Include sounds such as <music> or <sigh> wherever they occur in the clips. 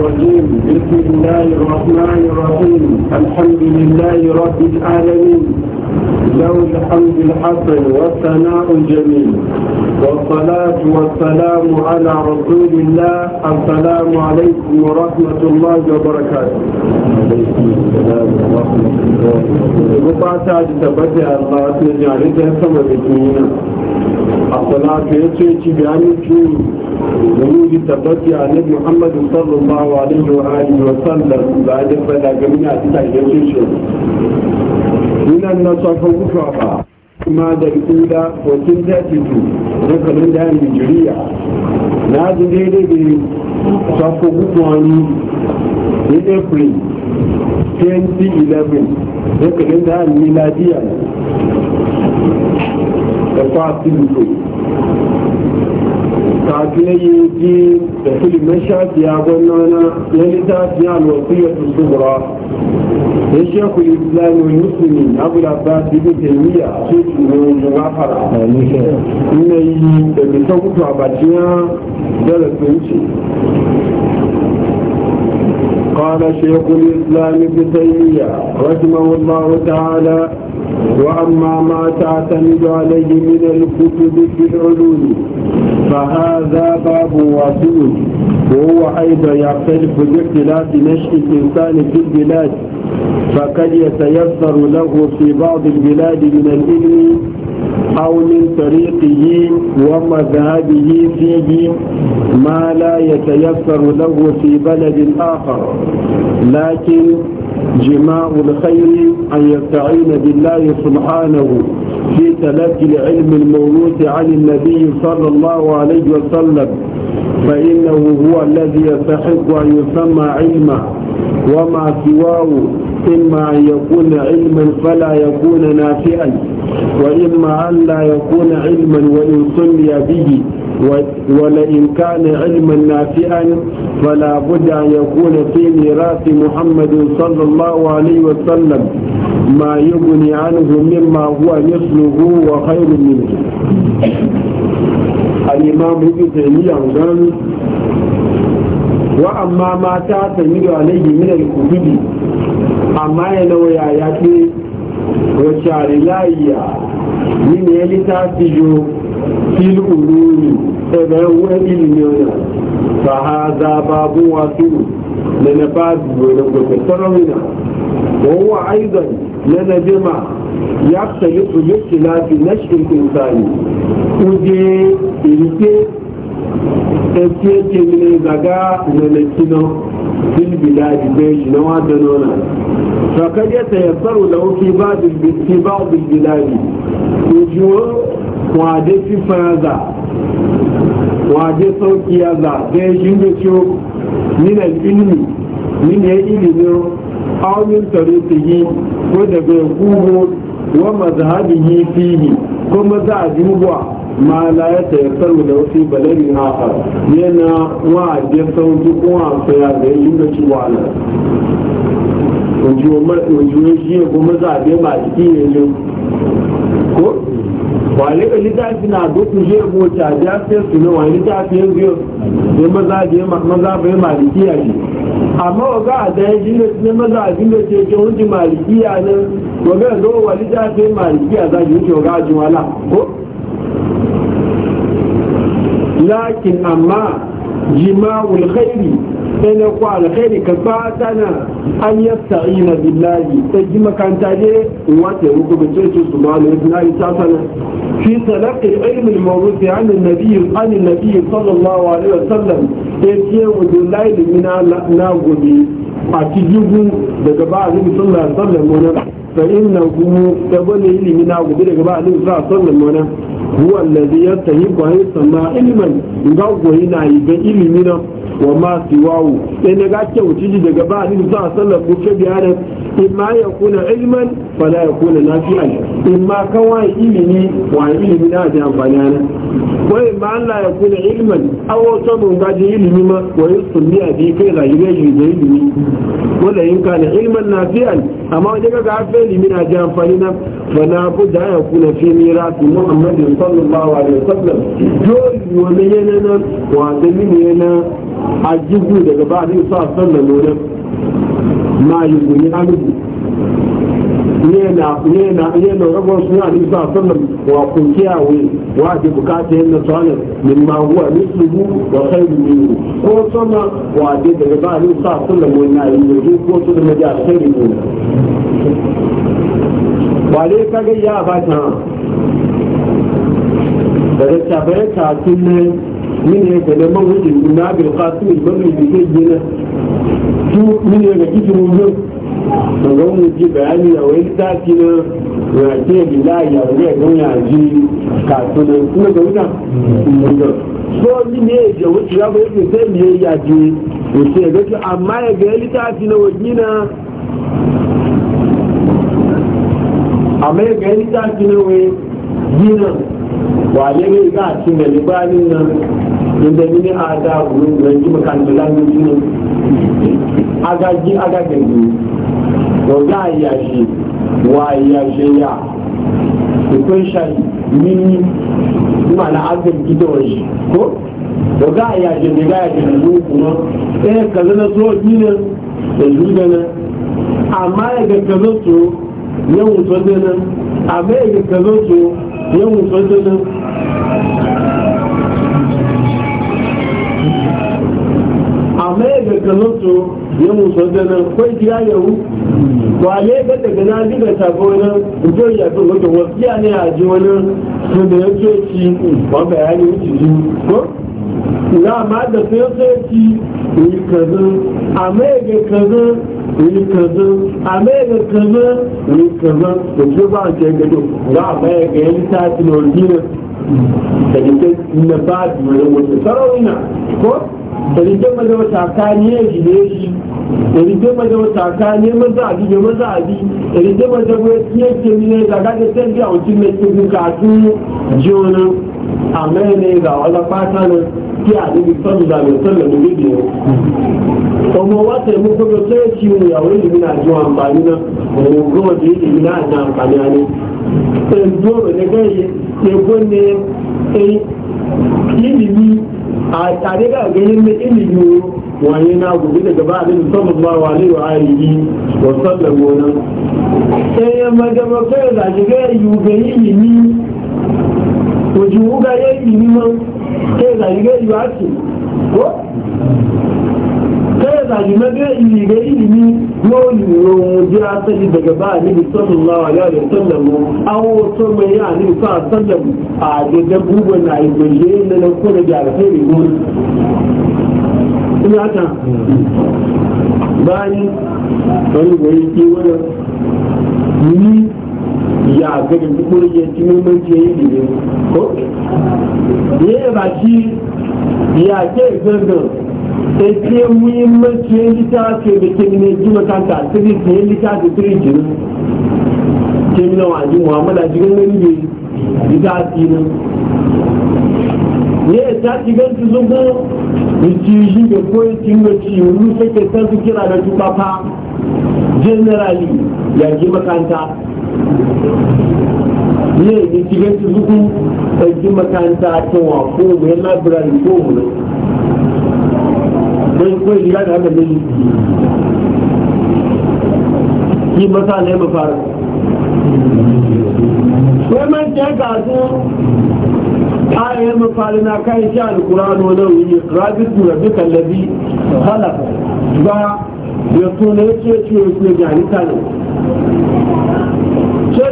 الرجيم بسم الله الرحمن الرحيم الحمد لله رب العالمين له الحمد الحسن والثناء الجميل والصلاة والسلام على رسول الله السلام عليكم ورحمة الله وبركاته وبعد تبدأ الله تجعل domin bi tabbaci annabi Muhammad sallallahu alaihi wa alihi wa da ya fada ga mina cikin yankin shi na safa kuka ba kuma da kuda 1432 da kalin da yan Nigeria na ji daidai da safa kuka ni in April 2011 da kalin da yan miladiya da fa'a kafin ya yi da filimin shafiya gwamnana ya littafi alwasiyar tsubura ya shekul islam wani musulmi abu da ba su yi taimiyya a cikin wani gafara yi da kutu a قال شيخ الإسلام ابن تيمية رحمه الله تعالى وأما ما تعتمد عليه من الكتب في العلوم فهذا باب واسع وهو أيضا يختلف باختلاف نشأ الإنسان في البلاد فقد يتيسر له في بعض البلاد من العلم أو من طريقه ومذهبه فيه ما لا يتيسر له في بلد آخر لكن جماع الخير أن يستعين بالله سبحانه في تلقي العلم الموروث عن النبي صلى الله عليه وسلم فإنه هو الذي يستحق أن يسمى علما وما سواه إما أن يكون علما فلا يكون نافعا وإما أن لا يكون علما وإن سمي به ولئن كان علما نافعا فلا بد ان يكون في ميراث محمد صلى الله عليه وسلم ما يغني عنه مما هو مثله وخير منه الامام ابن تيمية قال وأما ما تعتمد عليه من الكتب أما ينوي آياته وشعر لا من يلي تعتجو في الأمور daga yawon ilimi wani fa ha za babu wasu na na babu wani gobe sarawina wawa aizan na na jima ya tsali su yi tilafi na shirkin sani kuje irike ɗauke ke mine zaga na na kino fil biladi bai shi na wata nona fakar ya tayassaru da wuki ba bilbiladi kujiwa kwade fi fayaza waje sauki ya zaɓe shi da ciwo nina ilimi nina ya ilimi aunin tarihi yi ko da bai gugu wa mazhabihi fihi ko mazhabiwa ma la ya tayassaru da wasu balari na haka yana waje sauki ko a saya da shi da ciwo ala wajen shi ya kuma zaɓe ba jiki ne ko wani ka littafi na dukkan zai mota ya fiye su ne wani littafi ya biyo ne maza da ma maza bai malikiya amma wa ga a ne maza a jini ce ke hunci malikiya ne wa ga zo wa littafi malikiya za ki wuce ga ko lakin amma jima'ul khairi sai na kwa alkhairi ka fata na an yasta'ina billahi sai ji makanta ne wata ya ruku bace ce su ma ne na yi sasana fi talaqi ilm al an an-nabi an an an sallallahu alaihi wasallam ya ce wa da limina na gobe a cikin daga ba'azin sallallahu alaihi wasallam wannan فإنه تبني لي من أعبد لك بعد إن صلى الله هو الذي يستهيب ويسمى علما قوة هنا يبقى إلي منه wa ma siwawu sai na ga kyauci daga ba ni sa sallar ku ke biyarar in ma ya kuna ilman fala ya kuna nafi'an in ma kawai ilimi wa ilimi na da amfani na wa in ma Allah ya kuna ilman aw sabu gaji ilimi ma ko wa yusulli abi kai ga ilimi da ilimi wala in kana ilman nafi'an amma daga ga fa ilimi na da amfani na fala da ya kuna fi mirasi muhammadin sallallahu alaihi wasallam dole wannan yana wa da yana a jibu daga ba ne sa sallan lodin ma yi guni alubu yana ragon suna ne sa sallan wa kunkiya wai wa ke bukata yin nasarar min ma huwa mislihu wa khairu minhu ko sama wa ke daga ba ne sa sallan wani na yi ko su da majiya khairu minhu ba dai kaga ya ba ta da ta bayan ta tun ne min ne ga neman wajen na bil qasim ibn bi sayyidina su min ne ga kiji mun zo daga mun ji bayani a wani tafi na ya ce billahi ya wani ya gonya ji kasuna kuma ga wuta so min ne ya wuce ya ba yake sai ne ya ji wuce ga amma ya ga littafi na wajina amma ya ga littafi na wajina wale ne ga cin da libanin nan yadda mini a da rangi makarantar language ne agaji e agagin ne wanda a yashe wa yashe ya ikon shari mini ma na agar gidan shi ko wanda a yashe ne ga yashe da zuwa kuma eh kaza na so ne da zuwa na amma ya ga kaza so yawon so ne nan amma ya ga kaza so yawon so nan amma ya gaggazo su ya musu da nan kwai kira ya hu ba ne ga daga na ji da tafi wani mutum ya fi wata wasiya ne a ji wani su da ya ce ci ba bayani wuce ji ko na ma da su sai sai ci yi kazan amma ya ga kazan yi kazan amma ya ga kazan yi kazan da ke ba ke gado ba amma ya ga yi tafi na wani dalilai na ba da wata sarauna ko dalilai maza wata kane shi ne shi dalilai maza wata kane maza abi ne maza abi dalilai maza wata yake ne da ga da sai da wancin ne cikin kasu jona amma ne ga wala fata ne ki a dubi sallallahu alaihi wasallam ne biyo kuma wata mu ko sai ciwo ya wani mina ji amfani na ko ko da yake mina amfani ne endoro daga egwonne ilimi a tare da ganin na ilimi na gobe daga ba alaihi sallallahu alaihi wa alihi wa sallam wannan sai ya magama kai da shiga ilimi ko juga ilimi man kai da shiga yuga ko zalima ga iliga ilimi yoni yawon ji asali daga ba alibi sallallahu alaihi wa sallam awo so mai ya alibi sa sallam a gajen bugu na igbeje na na kuna da alfairi mu ina ta bani wani wani ke wani ni ya gani kuma ya ci muhimmanci ya yi ilimi ko ne ba ya ke gangan ete muhimmanci ya lita da ke ne ji sirri ke ya lita sirri ke nan ke mina wa ji muhammada jirin wani ne lita nan ne ya ta ci ganci zubo da ci shi da koyi cin da ci wani sake san su kira da papa generally ya ji makanta ne ya ci ganci zubo da ji e makanta ta ko mai labirari ko wani lórí kó èyí láti rábẹ̀ lórí kí mọ́sá lẹ́mọ̀ fara wọ́n mọ́ jẹ́ gàásù ayé mafari na kai shi alkur'an wani wuyi rabitu rabi kallabi halaka ba ya tuna ya ce ce ya ce jani kanin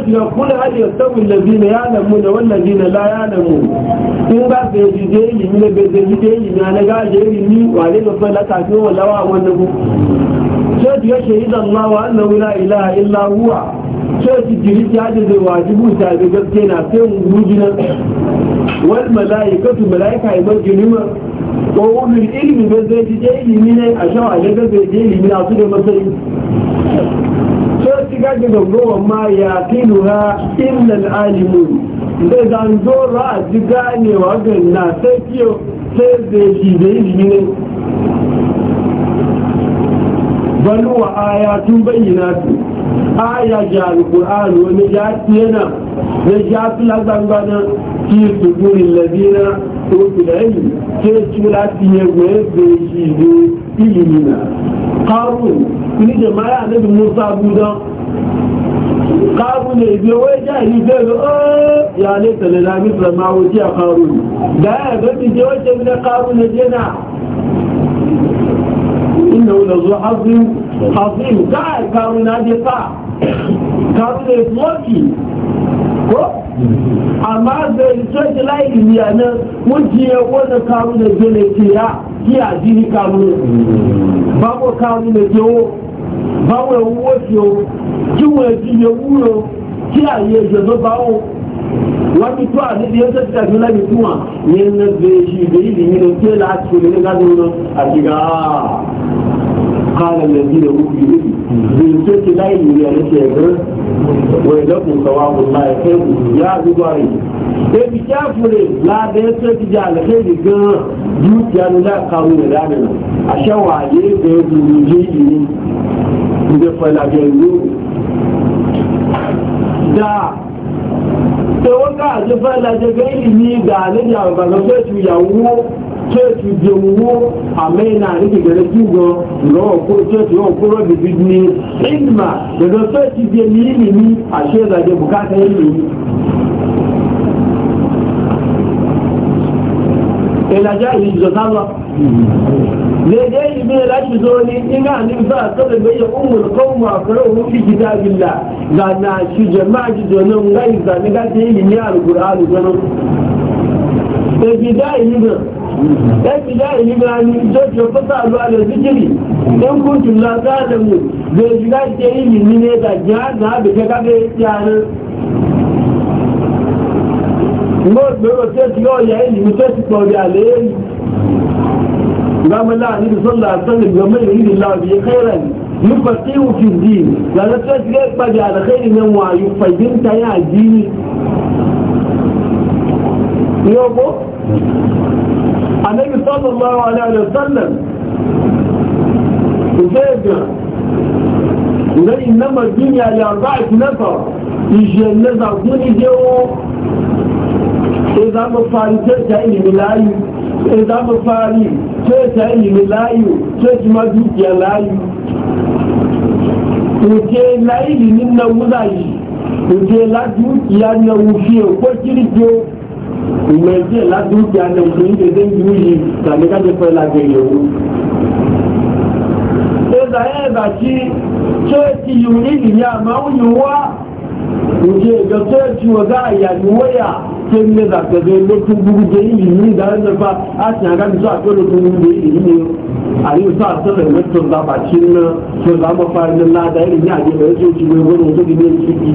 gaskiya kula hal ya namu da wal ladina la ya namu in ba ga jide ilimi ne be jide ilimi na ga je ilimi wale ba fala ta ji wala wa wanda ku sai ya shahida Allah wa annahu la ilaha illa huwa sai ji jiri ya da wajibu ta ga gaske na sai mu rujina wal malaikatu malaika ibad jinima ko ulul ilmi be jide ilimi ne a shawa ga be jide ilimi na su da matsayi gaji gangowa ma ya kinuwa illal alimun zai zanzora a ji ganewa ga na sai kiyo sai zai shi da yi ne baluwa ayatun bayyana su aya ji alkur'an wani ya yana ya ja fi lagbangana fi su guri labina ko yi filayi ke cula fiye gwaye zai shi ne ilimina ƙarun ni jama'a na bi musa budan kafu ne zai wai jahi zai zo ya ne ta da lamis da mawuci a karu da ya zai je wace ne kafu ne je na inda wuda zuwa hasin hasin ga karu na je fa karu ne smoki ko amma zai tsoki laifin ya na wuce ya wani karu ne zai ne ke a jini karu ne babu karu ne zai báwọn ẹ̀wọ̀n wọ́n ti o kí wọ́n ti yẹ wúro kí àyè ìjọba báwọn wọ́n ti tó àti ìdíyẹ́ tó ti tàbí láti fún wa yẹn ń lọ bẹ̀rẹ̀ sí ìdèyí ìdèyí lọ sí ẹ̀ láti ṣe lè ní ká قال الذين أوتوا بالكيت لا يجري على شيء ولكم ثواب الله خير يا زبري ebi tí a fure lábẹ́ sẹ́tì jẹ́ àlẹ́kẹ́lẹ́ gan-an yóò ti anulẹ̀ kàwé rẹ̀ lánàá àṣẹwà ayé bẹ́ẹ̀ bu ìyé ìní ìgbẹ́ pẹ̀lájẹ ìlú. dáa tẹ̀wọ́n káàdé pẹ̀lájẹ gẹ́gẹ́ ìní ìgbà àlejò àwọn bàbá fẹ́ẹ́ tu ìyàwó church jomuwo amena niki gare kigo ngo ko church yo kuro bi bidni da do church je ni ni ni da je yi ilaja ilizotazwa daidai ibe lati zo ni ina ni ba ta da bayyana ummul qawm wa qara'u fi kitabillah ga na shi jama'a ji zo nan ga izani ga ta yi ni alqur'ani zo nan da bidai ni ɗaki jahili birane jojo fasa a zuwa da zikiri ɗan kuntun lasa da mu zai shiga ke yi limi ne da jihar na abu ta kafe yanar mo gbèrò tí ó ti yọ ọ̀yà ìlú tó ti pọ̀ rí àlẹ́ yìí gbàmọ́lá da ìsọ́lá àtọ́lẹ̀ gbọ́mọ́ ìrírí láàbí kẹ́rẹ̀ nípa tí ó fi dì lọ́nà tó ti rẹ́ pàdé àlẹ́kẹ́ ìrìnà wọn àyù fàyè ń tayé àjíní. ní ọgbọ́n النبي صلى الله عليه وسلم وفاجأ ولي إنما الدنيا لأربعة نفر يجي النزع دون يجيو إذا مصاري تأتي إلي ملايو إذا مصاري تأتي إلي ملايو تأتي مدوك يا لايو وكي لايلي من نوضعي وكي لا دوك يا نوفيه وكي رجيو ìmọ̀ ẹ̀jẹ̀ ládùúgbò ti àná ìlú ní dédé ìlú yìí tàbí kájọ fẹ́ lágbè yẹ̀wò. ẹ̀dà ẹ̀dà tí ṣéèkì yìí ní ìyá àmọ́ yìí wá ìjẹ́ ìjọ ṣéèkì ọ̀gá àyà ni wọ́yà ṣé ní ẹ̀dà tẹ̀lé lókùn gbúgbúgbé yìí ní ìdánilẹ́fà àti àgájọ́ àtọ́lókùn gbúgbé yìí ní o. aliyu sa ta da mutum da bakin na to za mu fara nan na da irin yaji da yake ci mai gurin kudi ne ciki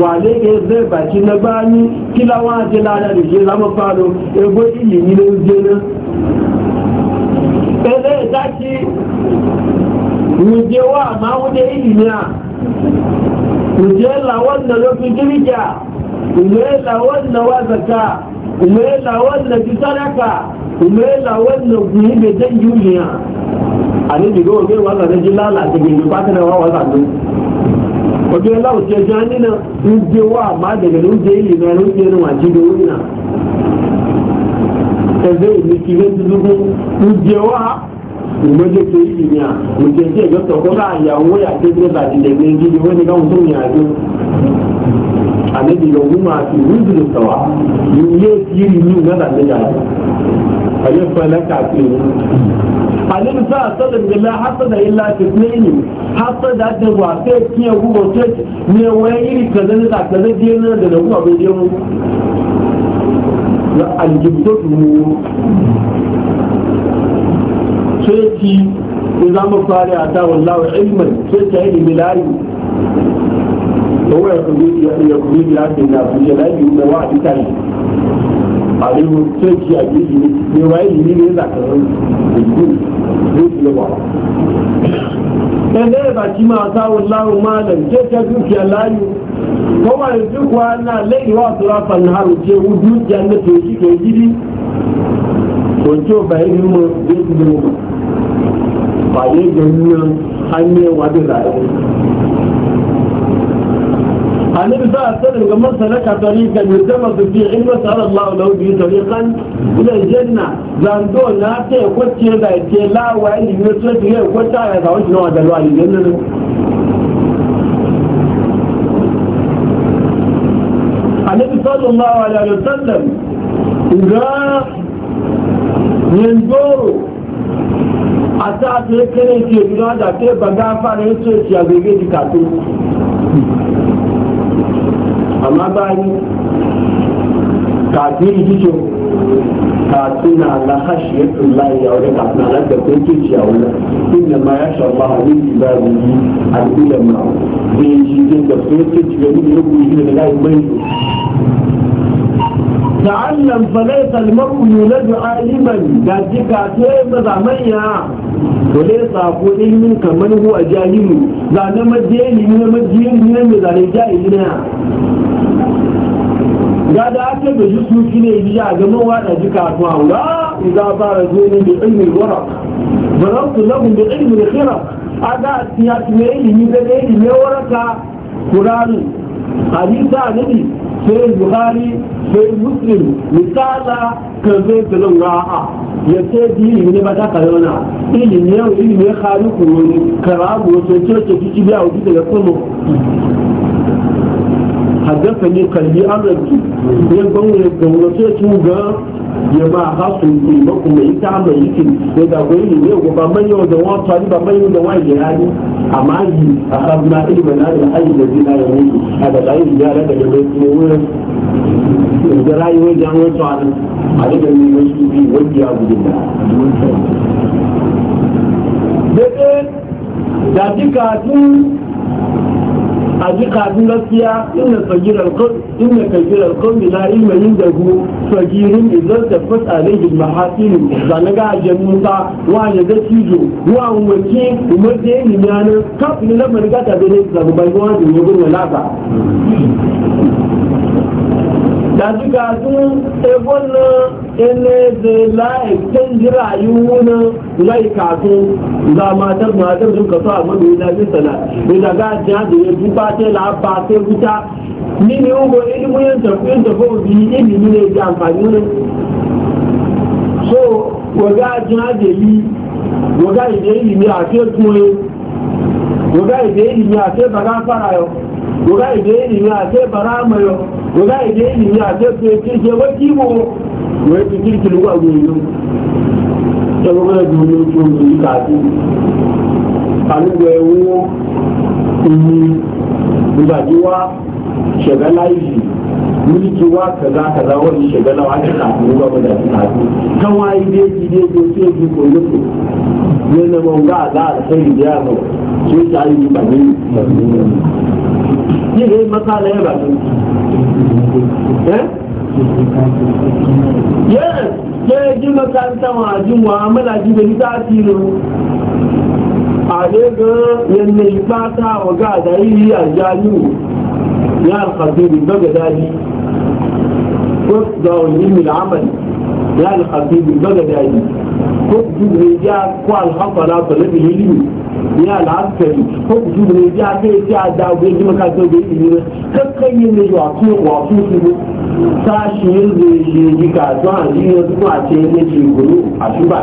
wale ne zai bakin na bani kila wa je la da je za mu fara e go ne je na ele zaki mu je wa ma mu je ilimi na mu je la wannan lokacin kirkiya mu je la mu je la sadaka umrela wannan guyi bai zan yuliya a ne diga wa bai wanda zai ji lalata gindi kwata da wawa zanzu wajen yana wuce jani na uje wa ma daga nuje yi na nuje na waje da wuri ta zai miki zai zuzu uje wa umarje ke yi limiya muke ce ga tsoko ga yawo ya ce zai zaji da ne gidi wani ga mutum ya zo a ne diga wuma su wuzu da tsawa yi yi siri yi na zanzu da هيبقى لك عقيدة عليه الساعة صدق بالله حصد إلا كثنين حصد أدن وعطيت كي أبو وطيت نوائل كذلك كذلك دينا لنبو أبو دينا لا الجبتوت سيتي إذا مقالي أتاه الله علما سيتي علم لاي هو يقول يقول يقول يقول يقول يقول يقول يقول يقول àríwò kéèkì àgbéjì ní wáyé yìí ní ìlàkàrọ̀ ìlú ló ti lọ wà. ẹgbẹ́ ìbàjí máa sáwọn láwọn máa lẹ̀ jẹ́ jẹ́ dúkìá láàyò kó wà ní dúkìá náà lẹ́yìn wà tó ráfà náà rò jẹ́ ewu dúkìá ní tòjú kejì rí òjò bàyí ni mo gbé ti lè mọ̀. fàyè gbẹ̀mí náà á ní ẹwà dé láàyè. النبي صلى الله عليه وسلم لما سلك طريقا يلتمس فيه علما سأل الله له به طريقا إلى الجنة زاندو ناتي يكوتي إذا يتي لا وإن يمسوك إليه يكوتي إذا يتعوش نوع دلوا على الجنة النبي صلى الله عليه وسلم جاء ينظر أتى أتى كنتي بنا دا تي بغافا نيسوك يا بيجي كاتو amma bani kafin gijo kafin ala hashiyatun layi a wani kafin ala da kun ke ci a wani inda ma ya sha Allah ne ki ba mu yi al'ulama zai shi zai da kun ke ci ga ni rubu yi da layi mai تعلم فليس المرء يولد عالما ذلك كيف زمانيا وليس أقول من كمن هو جاهل لا نمجيني نمجيني نمجيني نمجيني ya da ake da ji suki ne biya ganin wada ji kasuwa wa idza fara zuwa bi ilmi al-waraq barantu lahum bi ilmi a khira ada ya ne ilmi da ne wara ka qur'ani hadisa nabi sai buhari sai muslim misala kaze talon ra'a ya ce bi ne ba ta kalona ilmi yau ilmi khaliqu karabu to ce ce kici biya wuce daga kuma حدثني قلبي أمرك يبقى يبقى يبقى yẹba ba nke mako mɛ ita ama yi kiri yɛda ko eyi ne ko bama yi ɔdɔ wɔn atɔ ani bama yi ɔdɔ wɔn ayɛ ani ama ayi akabuna eyi bɛ n'ayɛ ayi bɛ bi n'ayɛ wɔn yi da yi yi ara dɛgɛ bɛ fi yi su bi a ji kafin gaskiya inda sagirar kan inda kagirar kan bi na ilma yin da hu sagirin idan da fasa ne gil mahasinu ba na ga jannu ba wa ya ga cizo wa wace kuma da ya nemi yanar kafin lamar gata da ne zaɓi bai wani ne gudun lata dazuga sun ebon na ene de la jira rayu na lai kasu za matar matar sun kasu a madu da bi sana ina ga jiya da ya duba ce la ba ce wuta ni ne ugo ilimin yin tafiyin tafiyin bi ilimi ne ji amfani ne so waga jiya da yi waga ide ilimi a ce tuwe waga ide ilimi a ce ba ga fara yau guga ide ilimi a ce bara mayo guga ide ilimi a ce fiye kirke wai kibo wai fi kirki lugwa goyo ta gugu da duniya ko mu yi kafi anu gwe wo ni gugaji wa shagala yi mulki wa kaza kaza wani shagala wa ta kafi ruwa ba da kafi kan wayi deji deji sai ji ko yuko ne na mawuga za a sai biya mu sai ta yi ba ne ní èyí mọ́tà lẹ́yìn bàbá yes ke ji makaranta ma ji mu'amala ji da ta tilo a daga ga yanne yi fata wa ga da yi a jami'u ya alkhaziri baga dadi ko da wani mil amal ya alkhaziri baga dadi ko ji ya ko alhafara ko labi lilimi ní àlàáfẹ̀lú ó kù sí ìrìn bí adé tí a da ogun ẹgbẹ́ mẹ́ta tó gbé ìlú rẹ̀ kẹ́kẹ́ yìí ni yóò àti ìwà fún ìlú sáàṣì ń lè ṣe ìdíkà tó à ń yí ọdún àti ẹni ti ìgbòho àtúbà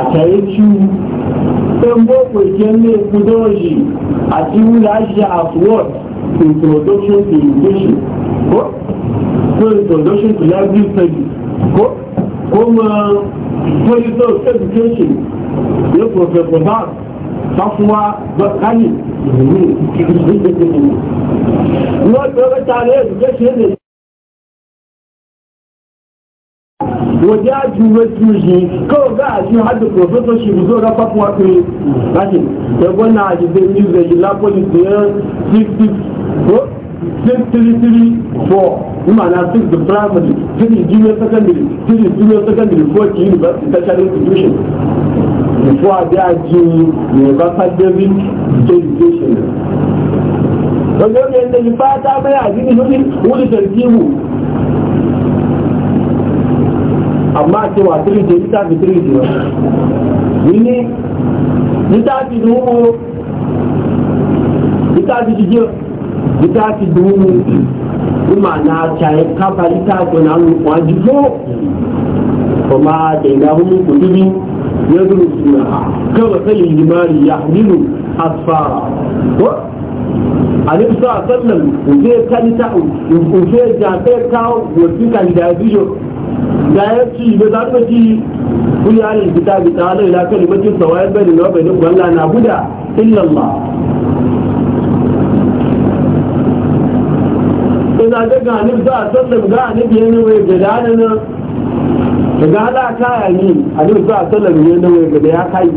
àtẹ̀yẹ tú pẹ̀mbó kò jẹ́ ní ìpínlẹ̀ òyì àti wúlà ṣe àfúwọ̀d introduction to education ko ko introduction to library study ko ko ma political education wani profesor tafuwa bakani lọ́gbọ́n tààrẹ ẹ̀rùjẹ́ ṣe lè wòjá ju wetu yìí kọ́ gáà sí àjò professor ṣìbù tó rọ́pá fún wa pé láti ẹgbọ́n náà àjẹ́gbẹ́ ní ìrẹ̀ yìí lápọ́lì pé before a biya ji fa basic education wajen yadda yi fata mai a jini shi wuri tarkibu amma cewa tiriji littafi tiriji ba yini littafi dubu littafi jijiyar littafi dubu kuma na caye kafa littafi na wani kwaji ko kuma da ina hulu kudubi يضرب سورها كمثل الجمال يحمل أسفارا alif sa sallan uje kalita uje jafe kawo wasu kan da biyo da ya ci da za ta ci kuli alil kitabi ta ala ila kalimatin sawayar bai da bai da walla na buda illa Allah ina ga ganin za a sallan ga anabi yana mai gadana daga ala ta yayi a duk za a ne na wai gaba ya kai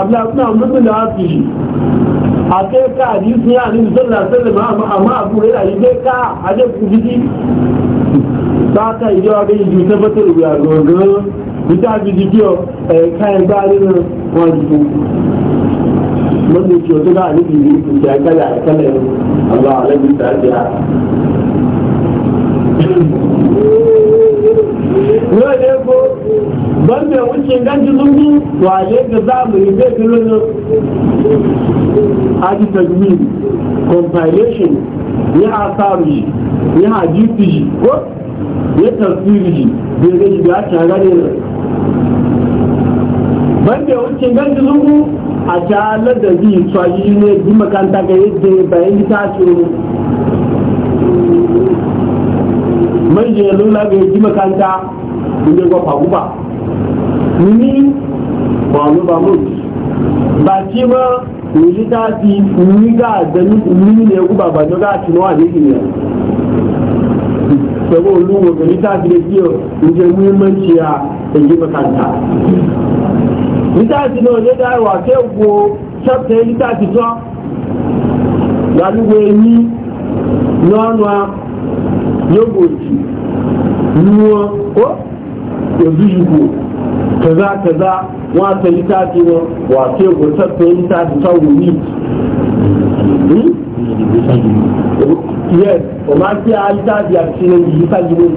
abla suna mutum da hafi shi a kai ka a ji sun yi a nufin sallar amma a yi kai ka a je ku ka yi jawa ga yi ju tabbatar da ita bi jiki o eh, kayan ba na wani ku wanda ke wata ga a nufin yi kala kala Allah ta yau ne ko ban mai wuce ganci zungu waye ga zamani zai fi lullu haji tajmin compilation ya asari ya hadisi ko ya tafsiri bai gaji da ta gane ban mai wuce ganci zungu a ta ladabi tsayi ne bi makanta ga yadda bayan ta ce man je yanzu na ga yaji makanta mun je gwafa guba ni ba mu ba mu ba ci ma mu ji ta fi ni ga da ni ne guba ba ga ci nawa ne ne sabo luwa gari ta fi da biyo inje muhimmanci a yi makanta wa náà lé dáìwà tí ó wo ṣọ́pẹ̀ litafi tán ni ní lọ́nà yogoti ruwa ko yanzu shigo kaza kaza wata yi tafi na wace gurtar ta yi tafi ta wuri yes o ma fi a yi tafi a cikin yanzu yi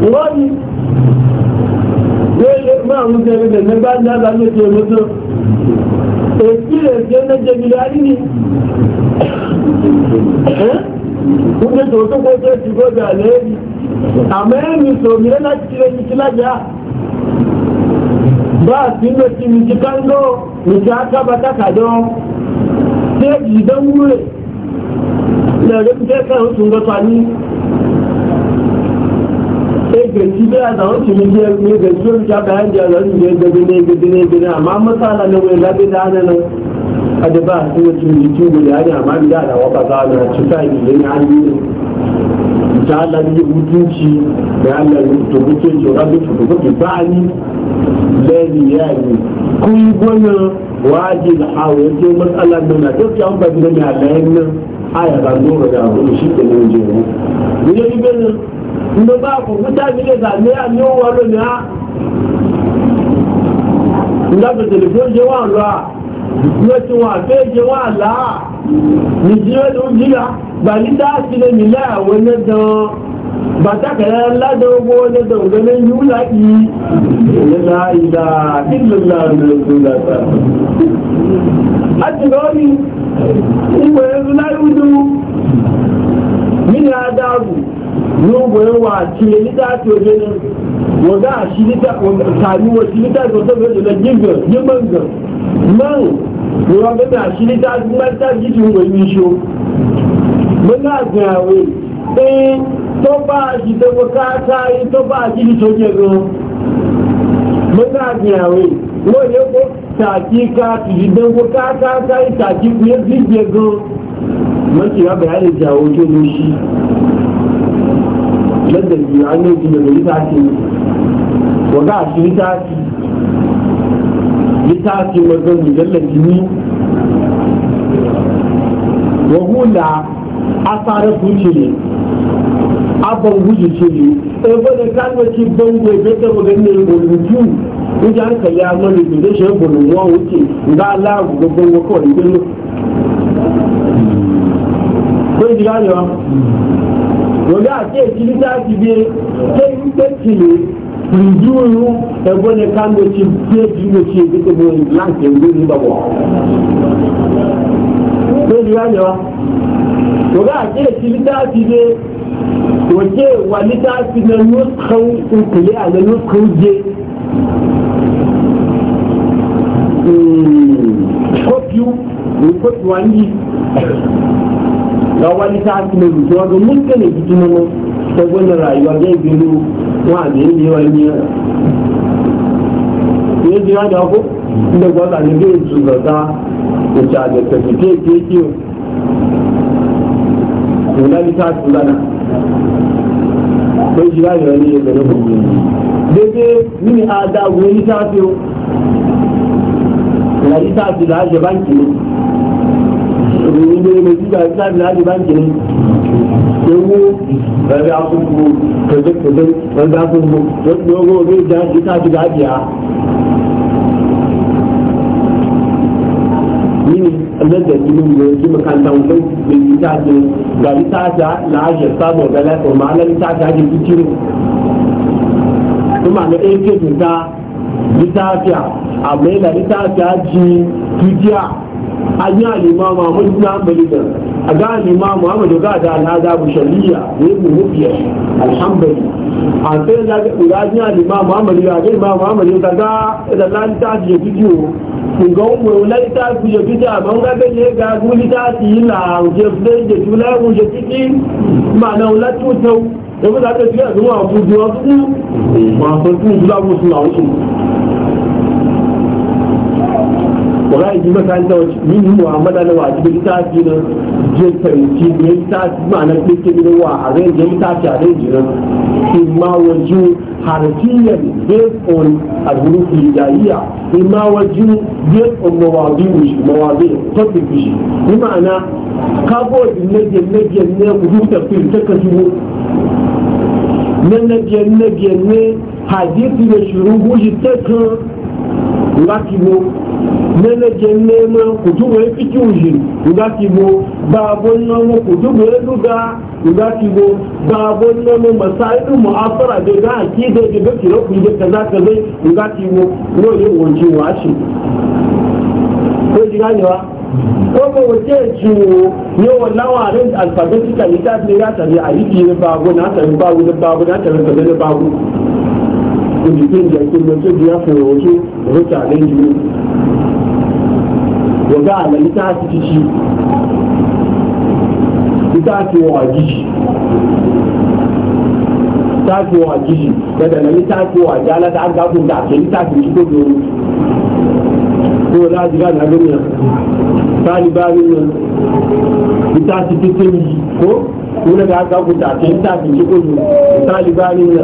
ne wani yeye ma mu tẹ̀lé tẹ̀lé nígbà tí a bá ń tẹ̀lé lọ́sọ̀ èyí rẹ̀ jẹ́ ní jẹ́bi lárí ni. kúndé tòótọ́ kó tó ti gbọ́dọ̀ àlẹ́ yìí àmọ́ ẹ̀mí sòmí ẹ̀ láti tirẹ̀ yìí ti lájà bá a ti ń lọ sí mi ti káńdó mi ti ákábátá kàdọ́ téèkì ìdánwúrè lẹ́rẹ́ mi tẹ́ ká oṣù ńlọ́ta ní egbeji bí àtàwọn tí mi jẹ́ egbeji lórí jábẹ́ àjẹ́ lọ́nà ìgbẹ́gbẹ́ ní egbegbẹ́ ní egbegbẹ́ àmọ́ mọ́tàlá ni wọ́n ìlàgbé dáná náà kada ba a tsaye tun jiki guda ne amma da da wata zana ci sa idan ya yi ta Allah ne mutunci da Allah ne to kuke ji rabbi to kuke ba ni lani ya yi kun gona waje da hawo yake matsala da na duk ya ba gidan ya Allah nan aya ba nura da abu shi ke nan je ne ne ne ne inda ba ku mutane da zane a ne wa ne na inda ba telefon je wa Allah lọ́tí wọn àfẹ́jẹ wọn àláà nìjíríà ló jíra gbàlídá sí lè nílá àwọn ẹlẹ́dàn bàtàkẹ̀rẹ́ ládàn owó ẹlẹ́dàn òdẹ́lẹ́ yìí wúlá yìí ìlẹ́lá ìlà ìlẹ́lá ìlẹ́lá àti lọ́rí ìwẹ̀ ẹ̀rù láyúdú nínú adáàbù lóògùn wa tilẹ̀ níta tí o lé wọ́n dá àṣì níta tàbí wọ́n ti níta tó tó bẹ̀rẹ̀ lọ jíǹgàn jíǹgàn márùn ìwọ bẹ́ẹ̀ àṣì níta níta jíjì ń wọ̀nyí iṣu bẹ́ẹ̀ àgbẹ̀ àwẹ̀ pé tó bá àṣì tó wọ káàkáì tó bá àṣì ní tó jẹ gan bẹ́ẹ̀ àgbẹ̀ àwẹ̀ wọ́n yẹ kó tàkí ká tìjì dẹ́wọ́ káàkáì tàkí kú yẹ fi jẹ gan mọ́tì rábẹ̀ á lè jà ojú lóṣì lẹ́gbẹ̀ẹ́ ìgbìyànjú ayé ìdílé rẹ̀ yíká ti wọ̀gá àti yíká ti yíká ti wọ́gbẹ́ ìgbẹ́lẹ̀ ti ní wọ̀húnlá asáré fún ìṣẹ̀lẹ̀ abọ̀n wúyì ìṣẹ̀lẹ̀ ẹgbẹ́ ní káńgbé ti gbóngbó ẹgbẹ́ tẹ́wọ̀gẹ́ ní olùdú níjà ń tẹ̀lé àwọn olùdílé ṣe ń bọ̀lù wọn ó ti ńlá aláàbò gbogbo wọn kọ̀ nígbélé. Bẹ́ẹ̀ni ayọ̀. wanda a ce jini ta ci biye sai in tanki ne rijiyoyi ẹgbẹ́ ní kánò tí bí èjì ló ṣe ìdíkò bó láti ẹgbẹ́ ní bàbọ̀. lórí wáyé wa wọ́n bá àti èsì lítà ti dé wọ́n jẹ́ wà lítà ti na ló kàn nkùlé àná ló kàn jẹ́. kópiù ní kópiù wa ń yí. ga wani ta su mai rufe wajen mulkin da jikin mu ta gwada rayuwa zai biyu wa da yin da yawa yin yi ne jira da ku da gwada ne zai su zata da ta da ta fite ke kiyo kula da ta su zana bai jira da wani ya zana kuma ne daidai mini a da gwani ta fiyo na yi ta su da ajiyar banki ne ní ilé ilé gíga islam láti báńkì ní ewu ẹgbẹ akókò pẹlẹpẹlẹ ẹgbẹ akókò lọsí owó orí ìjà ìta àdúgbò àbíà nínú ẹlẹgbẹ tí mo lò sí mẹkàntà òfin lè ní sáàjẹ gàdí sáàjà làájẹ sábọ bẹlẹ ọmọ alẹ ní sáàjà jẹ títírò tó máa lọ éjẹ tó ta ní sáàjà àmì ìlà ní sáàjà a yi alima mahmud na ambalika a ga alima muhammad ga da al'ada mu shari'a da yi buhufiya alhambali a sai za ka ɗura yi alima muhammad ya ga alima muhammad ya ga da lalita su ya bidiyo kun ga umu lalita su ya bidiyo a ban gaɓe ne ga gulita su yi na je fulai da jula ya wuce ciki ma'ana wulatu tau da mu za ka fiye a zuwa abubuwa su ma sun tun zula musu na wuce wala yi makaranta wacce ni ni muhammadu na wa cikin tafi na je fahimci ne tafi ma'anar ɗin ne wa a zai je tafi a zai jiran imma waju harfiyan based on al-huruf al-hidayiyya imma waju based on mawadi shi mawadi topic shi ni ma'ana kago ne ne ne ne ku tafsir ta kasu ne ne ne ne hadisi da shuruhu shi ta kan lakibo mẹ́lẹ́jẹ mẹ́mọ́ kùtùbọ̀ ẹ́pìtì òjì ìgbàtìbò báàbọ̀ nọ́mọ́ kùtùbọ̀ ẹ́lúgà ìgbàtìbò báàbọ̀ nọ́mọ́ masáìlú mọ́ afọ́ra be náà kí dé dé bẹ́kì lọ́kùn ìdè kẹzákẹzẹ́ ìgbàtìbò lóye wọ̀njì wàá ṣe. ó di káyọ̀ wa kọ́mọ wace ciwo yawan lawarin alfabetical ita ne ya tabi a yi na babu na tabi babu na babu na tabi tabi na babu. Kudi kin da kin da kin da ya fi wasu rutsa ne wọ́gá àlẹ́ ní táàtì ṣíṣí ní táàtì wọ́n àjíṣì táàtì wọ́n àjíṣì gbẹ̀dẹ̀ ní táàtì wọ́n àjá aláta agágùn dàtẹ̀ ní táàtì ṣíkò lóru kó o láti rà lábẹ́ mi táàlì bá rí mi ní táàtì títí mi kó wọ́n lè agágùn dàtẹ̀ ní táàtì ṣíkò lóru táàlì bá rí mi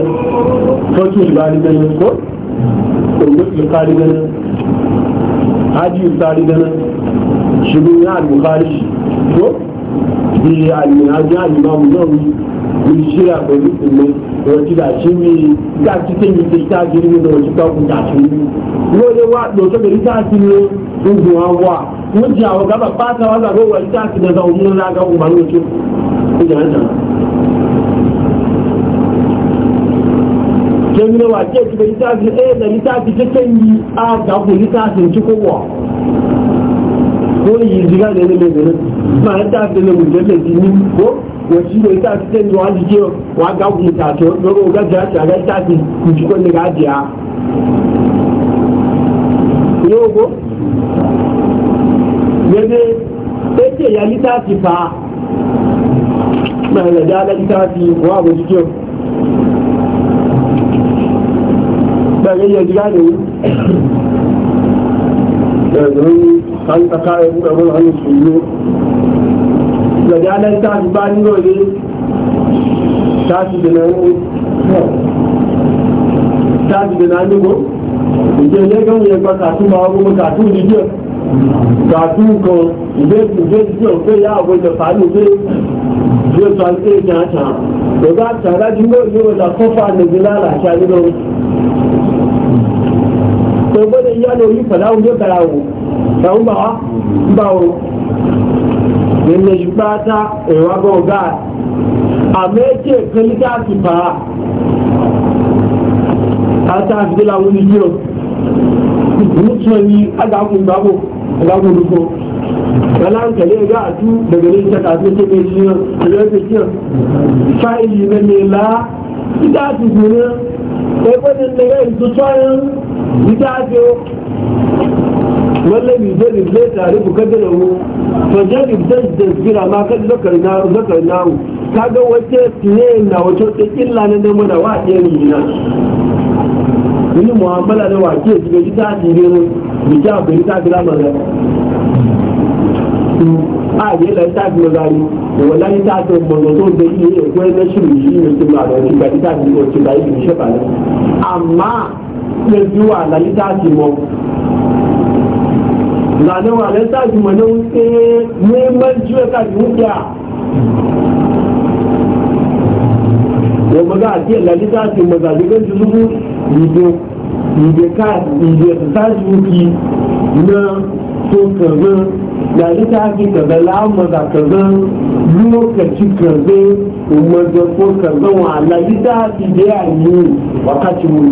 fọ́tù ìbárí mi kó òun ló fi kárí mi. Hadi yukarı denen شبه يا البخاري شو دي المناجع الإمام النووي والشيعة بيت المي وكذا شمي قاعد تتنجي تشتاجي من وشكاو كنت عشمي shi wá lòótọ́ bẹ̀rẹ̀ táàkì ni gbogbo wọn wà wọ́n jẹ́ àwọn gábà pátá wọn gbàgbé wọ̀ táàkì ko òun ló lága òun màlúù tó ó jẹ́ àjàn. jẹ́mílẹ̀ wà jẹ́ ìtìbẹ̀rẹ̀ táàkì ẹ̀ bẹ̀rẹ̀ táàkì kékeré yìí á gàgbò ní táàkì ní tí kò wọ̀. ko yi jiga da ne mai zanen ma ya ta fi da mulkar da ni ko wasu ne ta fi ta wa jike wa ga ku ta to dogo ga ja ta ga ta fi ku ci kon daga ajiya yau ko yadda ta ya li ta fi fa ma ya da la ta fi wa ba jike ba ga ya jiga da yi domin an tsaka ya buɗe ruwan hannun da ta ba ni roje ta da ta da ne kan yi ba katu wani katu katu ya abu da faru an ta za ta kofa yá lórí pẹ̀lú àwùjọ tara wò ẹ̀hún ba wa ń bá o nínú ìgbà ta ẹ̀rọ agbọ̀n ọ̀gá àmọ́ ẹ̀jẹ̀ kan ní káàkiri pa ta àfihàn làwọn oníyìí o ìdùnnú tí wọ́n yí agbákùn gbàgbọ́ agbákùn olùkọ́ kalankale ga a daga ne ta tafi ce mai shi nan ne yau ta kiyar fa'ili ne la ita ta ne ko ne ya yi ìdájọ́ wala mi zai zai tare ku da mu to je ni zai zai ma kan zakar na zakar na kaga wace tiye na wace ta illa ne da muna wa ɗaya ni na ni mu'amala da wa ke shiga ta ji ne mu bi ta bi ta gira ma da a yi la ta bi ma ni wala ni ta to mo to da yi ko na shi shi ne ki ma da ki ba ta ni ko ba yi shi ba amma lè ju àlàyé táàtì mọ́ ìlànà àlẹ́ táàtì mọ́ ní wípé ní mẹ́jú ẹ̀ka ìwúkẹ́ à yọmọdé àti ẹ̀làyé táàtì mọ́ tàbí lójú lúkú ìdè ìdè káàtì ìdè táàtì wúkì náà tó kàn náà yàrá táàtì kẹ̀kẹ́ láàmọ̀dà kẹ̀kẹ́ lókàtí kẹ̀kẹ́ òmọdé fún kẹ̀kẹ́ wọn àlàyé táàtì dé àyè wákàtí wọn.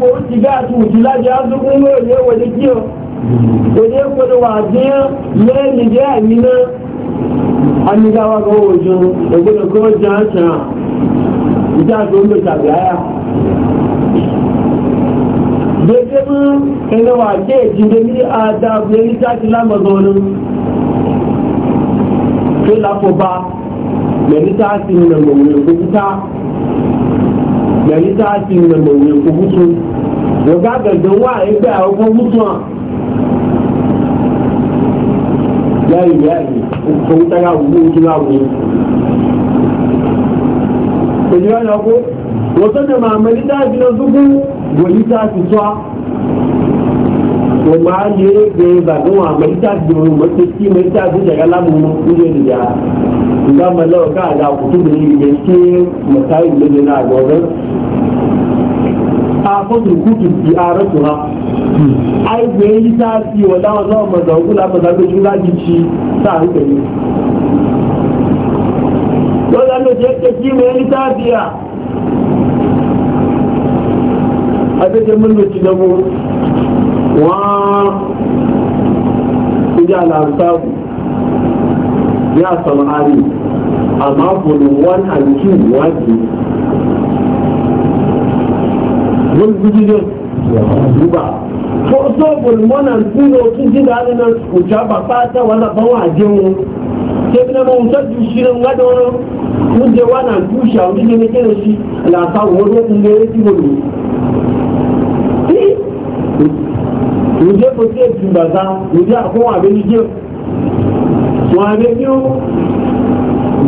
ko ti ga tu ti la ja du ku mo ye wo o de ko do wa je le ni je mi na ami ga wa go wo jo e go do ko ja cha ja ta ga ya de ke mu e no wa je ji de mi a da bi ni ta ti la mo go la ko ba le ni ta ti ni mo ni ko ta yẹ̀rí sáàtì ìrìnàmọ̀ òwe òkúkú wọ̀gá gẹ̀gẹ̀ wà ẹgbẹ́ àwọn òkúkú hàn yáyì yáyì òkúkú tẹ́lá òwú ojú láwùú pẹ̀lú ọ̀nà ọkọ̀ wọ́n tó dẹ̀ máa mẹ́lí sáàtì lọ sókú wọ̀nyí sáàtì tó a mo máa yé wa gbàdúrà mẹ́ta dùn mo ti kí mẹ́ta dùn jẹ̀ka lámùú nílé ìyá nga mẹ́lẹ́ ọ̀ká àgbà kùtù mi yẹ na mọ̀tá ìgbélé náà gbọ́dọ̀. Afọ́dùn kùtù ti ààrẹ tó ha. Àìgbé yí sáà ti ọ̀dá ọ̀dọ́ ọ̀mọ̀dọ̀ ọ̀gbọ́n lápẹ̀dá gbẹ́jú láti ti sáà ń tẹ̀lé. Lọ́dà ló jẹ́ pé kí mi ní sáà di à. Adéjẹ́ mú lò ti wọ́n kújà làǹtàbù ní àsàmárì àmọ́ bòlù wọ́n àǹkì wájú. Wọ́n gbúdí náà rúbà. Fọ́sọ́ bòlù wọ́n àǹkì ní ojú dídá nínú òjò àbàpá àtàwọn àbáwọn àjẹun. Tẹ́bí náà mo ń tọ́jú ìṣirò ń gádùn ọ́nà. Oúnjẹ wà náà kú ìṣàwọn jíjẹ ní kéré sí àlàáfà wọ́n ló ń lé sí gbòdò. ǹjẹ́ kò sí ètù bàtà ǹjẹ́ àkóhùn àbẹ́líjẹ́ wọn àbẹ́lí ó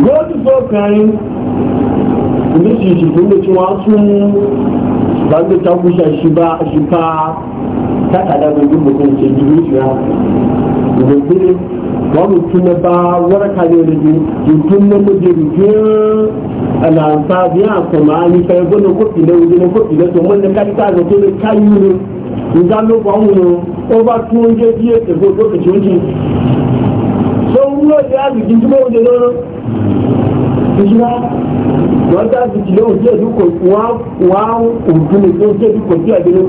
góòlù tó kẹrin ní ti ìṣìkò ní tí wọ́n tún gbàgbé takùsà ìṣìbá ìṣìbá tákàdá gbogbo gbogbo ìṣe ìdìbò ìṣìbá ìgbòkè wọ́n mú tún bá wọ́rẹ́ka ní ìrìnjú ìtún mọ́tò di ìrìnjú àlàǹfà bí àkọ̀mọ́ àyíká ẹgbẹ́ ní kófìlẹ́ òjò ní kófìlẹ́ tó mọ́ ní káríkà àgbẹ̀tọ́ ní káyú ni ìdánlópa ń wọn ó bá tún oúnjẹ bí èkó lókèjì oúnjẹ tó ń wúlò sí àbìkí tí mo wọlé lọ́rọ́ ìṣúná wọ́n dá àbìkí lóhùn sí èdè kò wọ́n wọ́n òdùn sí èdè kò sí àgbélé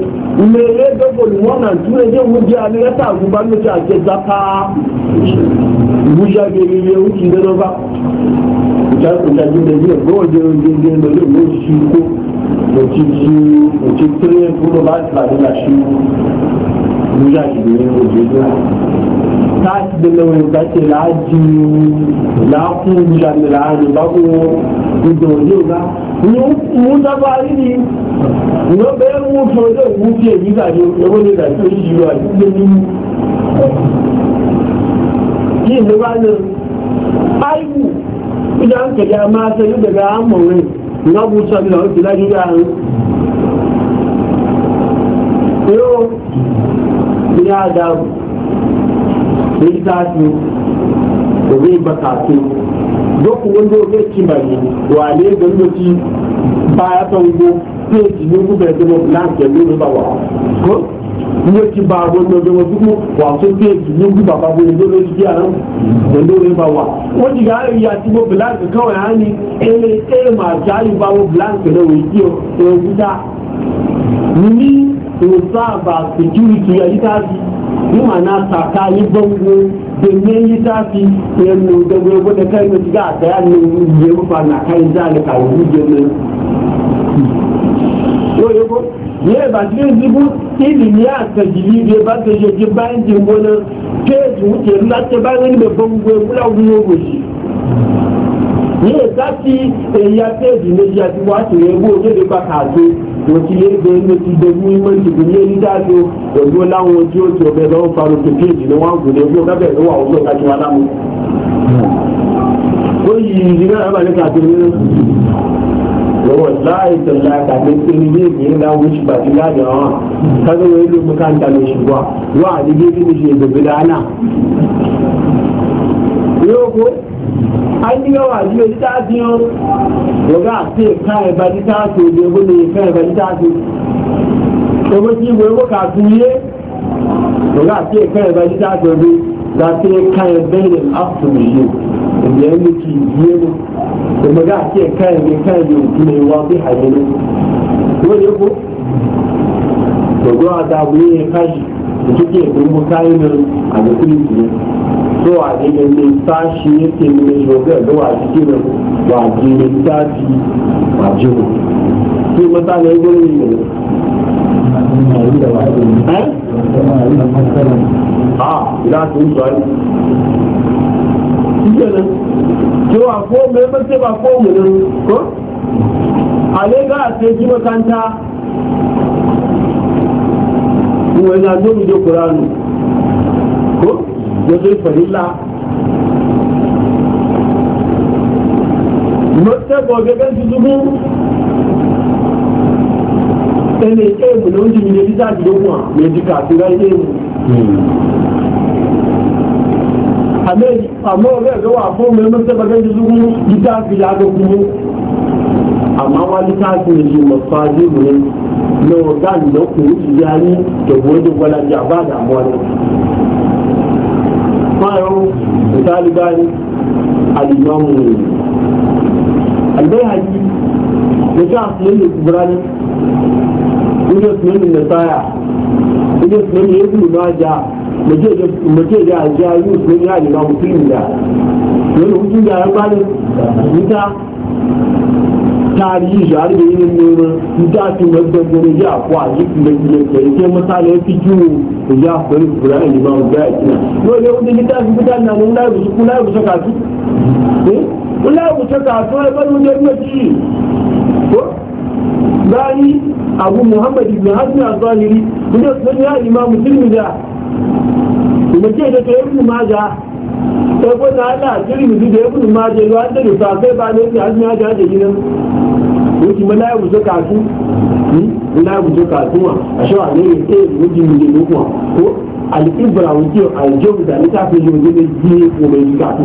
mèrè dọ́gbọ̀lù wọn náà tún èdè òun jẹ́ alẹ́rẹ́ta àgùnbá lóṣà àjẹsà pa ìwúṣà gèrè ó ti dẹ́rọ́bà ìjà òtítí òtítí gbọ́dọ̀ bá ti pàdé làṣí lójà ìgbèrè òjòjò láti gbẹlẹwẹ ìgbàtẹ láàjì làákùn ìjàmbá láàjì báwo ìjọ òjò ọgá mú sábà rí ni ìwọ bẹ́ẹ̀ mú fún ọjọ́ ìwú sí èyí ìgbàdé ẹgbẹ́ ní ìgbàdé tó yíyọ àti ilé nínú kí ìlú bá lọ áìwù ìjà ń kẹjá máa ṣe ló bẹ̀rẹ̀ àmọ̀rẹ́ nga bu da mi lọ fi lájú yá ń yóò ní àdáwò èyí tá òwe ìgbà kàtó dókun wọ́n ló fẹ́ wà ní ẹgbẹ́ ló ti bá a ń gbó péjì ní bá wà ní ti ba àwọn ọjọ́ ojúmọ́ wà tó pé èkì ní ojú bàbá wo èdè lórí bí àrùn èdè orí bá wà. wọ́n ti yára ìyá tí mo bìláǹkì káwọn yára ní ẹlẹ́ ẹ̀ẹ́mà àti àyùbá wo bìláǹkì náà wòye kí ọ̀hún dá. ní rosaba security ẹ̀yí tá a fi ní màá náà tàkà ní gbọ́ngbó gbẹ̀mí ẹ̀yí tá a fi ẹnu gbẹ̀gbẹ̀ gbọ́dọ̀ káyọ̀ ní ti gá àtẹ́yà ní ìyẹ̀wò fa nàkàyè ne ba cikin zibu ilimi ya ka jili ne ba ka je ji bayan jin gona ke ji wuce na ta ba ni da bango ya e kula wuyo goshi ne ta ci ya ke ji ne ya ti wato ya go ne da ba ka so wọ́n ti lé bẹ́ẹ̀ ní ti dẹ̀ ní ìmọ̀ ìdìbò ní èyí dáadọ́ pẹ̀lú láwọn ojú òtí ọbẹ̀ lọ́wọ́ farò tó kéèjì ní wọ́n gùn lẹ́gbẹ́ ọ̀gábẹ̀ lọ́wọ́ àwọn ọ̀gá tí wọ́n lámú. ó yí ìdí náà bá ní kàtó nínú. ga wallahi tallahi ka ne sun yi ne na wuce ba diga da wa ka ga wai lu mukan ta ne shi wa wa dige ne shi da bidana yo ko an diga wa diga ta biyo wa ga sai kai ba di so ne ko ne kai ba di ta so ko ba ki wai ka tuye wa ga kai ba da da ya muke biye mu da maga a ke kayan ne kayan ne mutu ne wa bi hajjani dole ko da gwa da abu ne kashi da kike gurbu kayan nan a da kuri biye so a ne da ne sashi ne ke nuna shogar da wa jiki nan wa jini tafi wa jini su mata ne gurin ne a za su yi ìjọna tí wà kó mẹ́fẹ́ tí wà kó mẹ́rin kọ́ àlégá àti ẹjí mọ́kántá ìwọ̀n ìlànà tó rújọ kòránù kọ́ gbogbo ìfẹ̀lélá mọ́tẹ́bọ̀ gẹ́gẹ́ tuntun ẹni èèmù ló àmọ́ ọ̀rẹ́ rẹ̀ wà fún mi ló sẹ́gbẹ́ gẹ́gẹ́ tó kún yíká fi lágbókú mú àmọ́ wá yíká fi èyí mọ̀ fà á dìbò ní lọ́wọ́ gáàlì lọ́kùn ó ti yá ní tòwó tó gbọ́dá jẹ́ àbá àdàmọ́ ni. fáyọ̀ ìtàlí báyìí àdìgbà mú mi. àgbẹ̀yà yìí mo ká àfihàn lè ilé ìfihàn lè sáyà ilé ìfihàn mace da ajiya yi su ya ne ma mutum da wani hukun da ya bani wuta tarihi da yi yin nema wuta su magbagwani ya yi kuma gidan da ya ke masala ya fi kiwo da ya kwari kura ne ma mu ya kina yau ne wanda gita su fita na nan layu su kula ya saka su kula ya saka su ya bari wajen mace ko gani abu muhammad ibn ya imamu mutum da ta yi maja ta gwada ala jirgin da ya maja ya an sa kai ba ne ta hannun ya jaje gidan wuce ma layi wuce kasu layi wuce kasuwa a shawa ne ya ce wuce mu ne kuma ko al'ibra wuce aljihu da ni kafin yi wuce ne ji ko mai ji kasu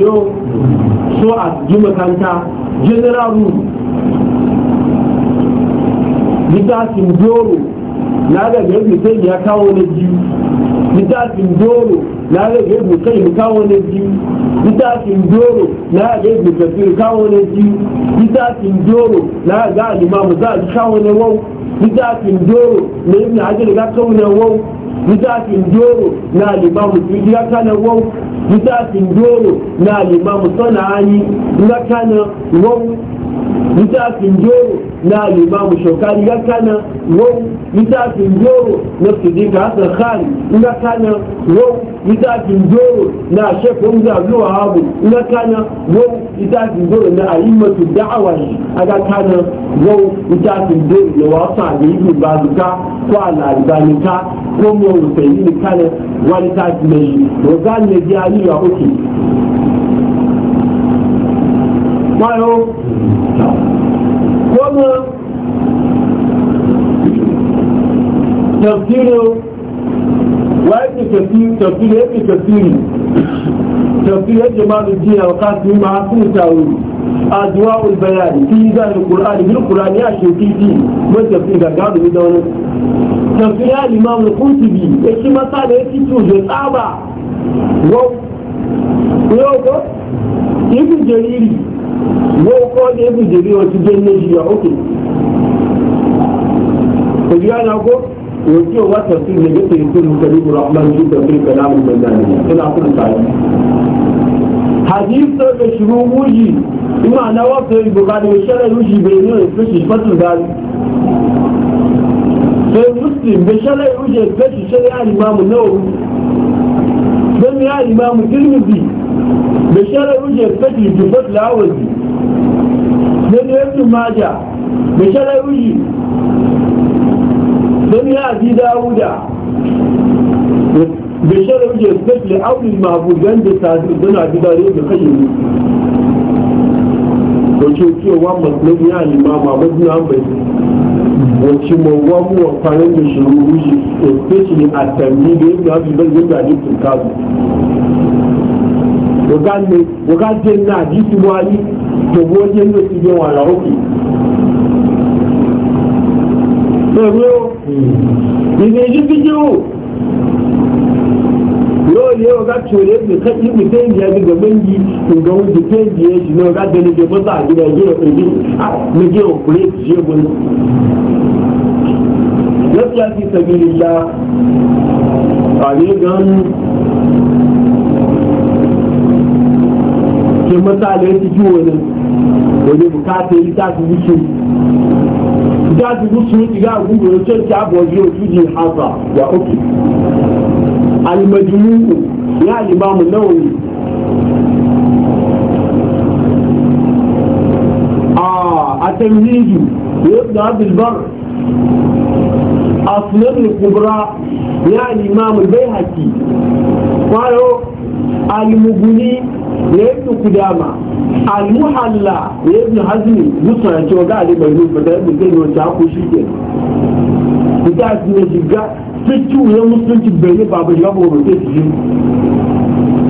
yau so a ji makanta general rule littafin doro na ga ibn sai ya kawo na biyu littafin doro na ga ibn sai kawo na biyu littafin doro na ga ibn kafir kawo na biyu littafin doro na ga imamu za kawo na wau littafin doro na ibn hajar ga kawo na wau littafin doro na limamu su ya kana wau littafin doro na limamu sana'ani ya kana wau littafin joro na limamu shokari ga kana wau littafin joro na sidika hasan khari ga kana wau littafin joro na shek umza zuwa habu ga kana wau littafin joro na a'immatu da'awa a ga kana wau littafin joro na wasu a ga yi ba zuka ko al'albani ka ko mu rufe yi ni mọ́ tafsiro wáyé ti tafsiri tafsiri yẹ́ ti tafsiri tafsiri yẹ́ ti máa lè jí àwọn káàkiri máa fún ìtàwó àdúrà olùbẹ̀yàrí kí yíká ní kùránì ní kùránì àṣẹ títí mọ́ tafsiri gàgá lórí lọ́rọ́ tafsiri yẹ́ ni máa lè kún ti bì èsì mọ́tà lè ti tù lè sábà wọ́n yóò kọ́ ìbùjẹ́ rírì wọ́n kọ́ ní ebi ìdèrí ọtí dé méjì yà ókè èdè àná kó wọ́n tí o wá tẹ̀sí ní ẹgbẹ́ tẹ̀sí tó ń tẹ̀lé kúrò ọmọ ní ìjọba ní ìpẹ̀lẹ́ àwọn ọmọ ìgbà nìyẹn tó náà kúrò sáyé. hadith tó ṣe ṣubú wú yìí ìmọ̀ àdáwọ̀ tó ìbùkà ní ìṣẹ̀lẹ̀ ìlú yìí bẹ̀rẹ̀ ní ìfẹ́sì fẹ́sì dárí. ṣe muslim ìṣẹ̀lẹ̀ ìlú yìí fẹ́sì ṣẹlẹ̀ àlìmáàmù náà bẹ́ẹ̀ ni àlìmáàmù tìrìmìtì ìṣẹ̀lẹ̀ ìlú yìí fẹ́sì ìdìbò don ibn maja da sharawi don ya abi dawuda da sharawi da zai aulil mabudan da tasiri don abi dawuda da kashe wacce cewa masu ya limama mazuna mai wacce mawamu wa kwanan da shiruru shi especially a tambi da yin nabi zai yin da jikin kazu wakajin na gbogbo oúnjẹ ń lò sí bí wọn àlàó kì pẹ̀lú ìgbè ìjú fíjì wò yóò lé ọgá tí o lè fi kẹ́kí mi kéèjì ẹni gbẹ̀gbẹ́ yìí nǹkan ó di kéèjì èsì ní ọgá tẹ̀lé jẹ bọ́tà àgbẹ̀rẹ̀ ẹ̀jẹ̀ èdè méjì òkúrẹ́ ìṣe wọn. lọ́sí ya àyè gan ke mọ́sálẹ̀ ti jú wọn òní bùkátẹ̀ ìdájú wúṣù ìdájú wúṣù ìyá àgúgbò tó ti àbọ̀ yóò tún di àbà wà òkè alìmọ̀jùmú ní àlìbámu náà ni àtẹ̀míyù yóò dá bilbar asùnẹ́bìnrin kubra ya àlìmámu bẹ́ẹ̀ hàkì kwáyó alìmùgùnì da ibn kudama al-muhalla da ibn hazmi musa ya ce wa gali bai rufe da ibn zai wata ku shi ke ita su ne shiga cikin ya musulunci bai ne ba bai shiga ba wata su ji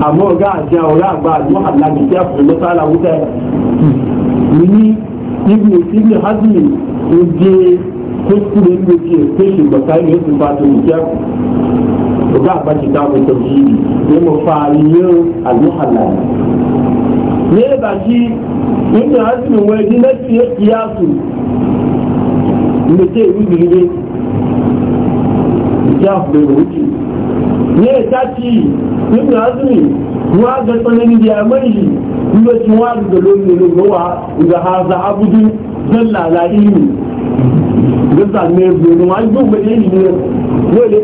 amma ga a ja wa ga al-muhalla da ta fi masala wuta ni ibn ibn hazmi je kuskure ne ke kai shi ba sai ne su fata mu ọ̀gá àgbà ti ká wọ́n tọ́jú yìí ní mo fa iye àlùhàlà ní ẹ̀bà tí nígbà á sì wọ ẹni lẹ́sí èkì yáàtù mẹ́tẹ́ ìlú gbìyànjẹ́ ìjà àgbèrò òkè ní ẹ̀ta tí nígbà á sì wọ́n á gbẹ́tọ́ ní níbi àmọ́ yìí nígbà tí wọ́n á dùdọ̀ lórí lórí wà ìgbà ha za abudu zẹ́là àlàyé yìí gbẹ́sà mẹ́rin wọ́n á gbẹ́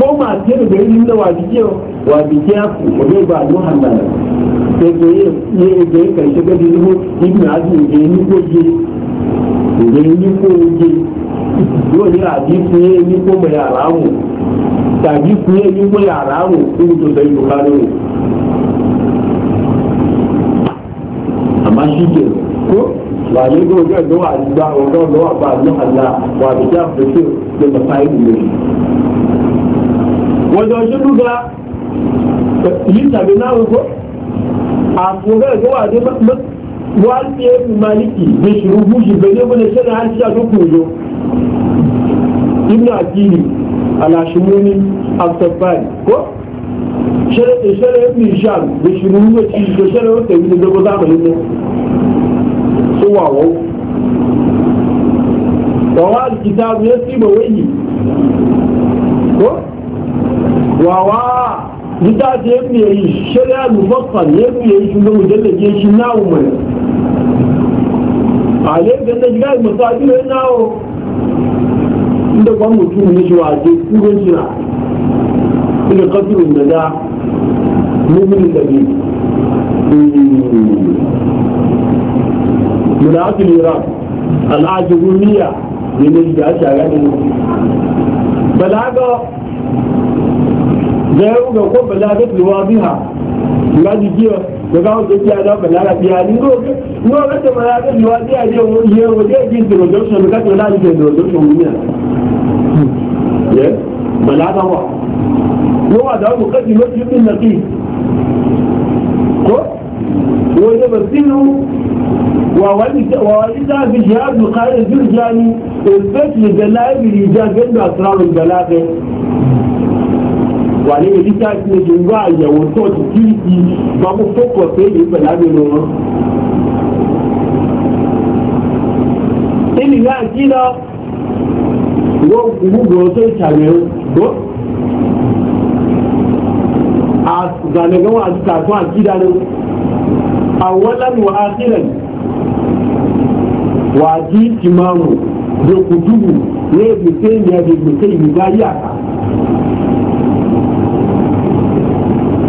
tó máa tí ó gbé nínú wàdíjẹ́ wàdíjẹ́ àpò ọ̀dọ́ ìgbà ló hàn náà ẹgbẹ́ yẹ ẹgbẹ́ kẹ̀kẹ́ gẹ́gẹ́ nínú ibi àti ìgbẹ́ nípò jẹ ìgbẹ́ nípò jẹ yóò ní àbí fún yẹ nípò mọ̀ yàrá wò tàbí fún yẹ nípò yàrá wò níbi tó sọ ìlú kárí wò. àmọ́ ṣíkè kó wàlẹ́ gbọ́ ọjọ́ ìdánwò àdìgbà ọ̀dọ́ ọ̀dọ́ àbá àdúrà wà àbíjà fún ṣé lè mọ̀ sáyé ìlú wọ́jọ́ ṣúdú ga yìí tàbí náà wọ́n àfúgá ìgbọ́wà dé wọ́n ti ẹ́ fi maliki ní shi búṣì bẹ̀rẹ̀ wọ́n lè ṣẹlẹ̀ àti àdókù òjò ibn akili alashimuni abdullahi ko ṣẹlẹ̀ ìṣẹlẹ̀ ibn isham ní ṣùrù wúwo ti ṣe ṣẹlẹ̀ ó tẹ̀wé ní gbogbo sáàmù nínú tó wà wọ́n wọ́n wá kìtàbù yẹn sí ìbọ̀wé ko wawa gida da ya fiye yi shari'a mufassal ya fiye yi shugaban mujallar ya shi nawo mana a yadda da gida da masu ya nawo inda kwan mutum ne shi waje kugon jira inda kasirin da da mummuni da bi munafikin iraq al'ajiruniya ne ne da a shagarin balaga da ya uga ko bala da tuwa biha ma di jiya da ga wata jiya da bala da biya ni go no ga ta bala da tuwa biya je wo je wo je ji da do so ka to la ji do do so ni ya ye bala da wa no wa da ko kaji lokaci din na ki ko wo je basiru ووالدة بجهاد القائد الجرجاني البيت لجلائب الإيجاد عنده أسرار البلاغة wà ní ibi tí a ti lè dùn wá àyẹ̀wò tó ti kí ti gbàgbó fọ́pọ̀ pé èyí pẹ̀lú àgbèrè wọn. ìlú náà kí lọ wọ́n gbogbo tó ìṣàlẹ̀ gbọ́. àgbàlẹ̀gán wà ti tàkùn àkídá lọ. àwọn lẹ́nu wà á sílẹ̀ wà á jí ìmáàmù lókùdúrù ní èbùté ìyẹn èbùté ìgbáyà.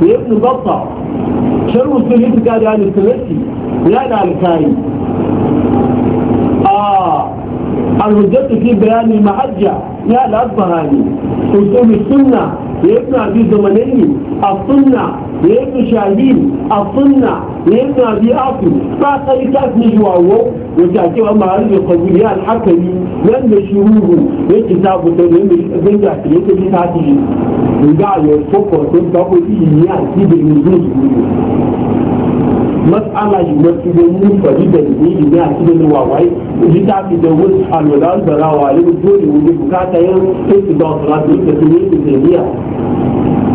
وابن بطة شر وصول يتقال عن التمسي لا عن الكاري آه الهجة في بيان المحجة لا الأصبهاني وصول السنة لابن عبد الزمني السنة yadda shahid a sunna yadda bi aku ba ta yi ta fi zuwa wo wata ake ba ma'ar da kwazuri al'akari wanda shi ruhu ya ci ta fita da yadda zai da ke yadda shi ta ci ga ya foko sun ta ko shi ne a ci da yanzu su mas'ala yi masu da mu fari da ne ne a ci da wawai ji ta fi da wani alwala da rawa ne dole wani bukata yin sai su ba su rasu da su ne su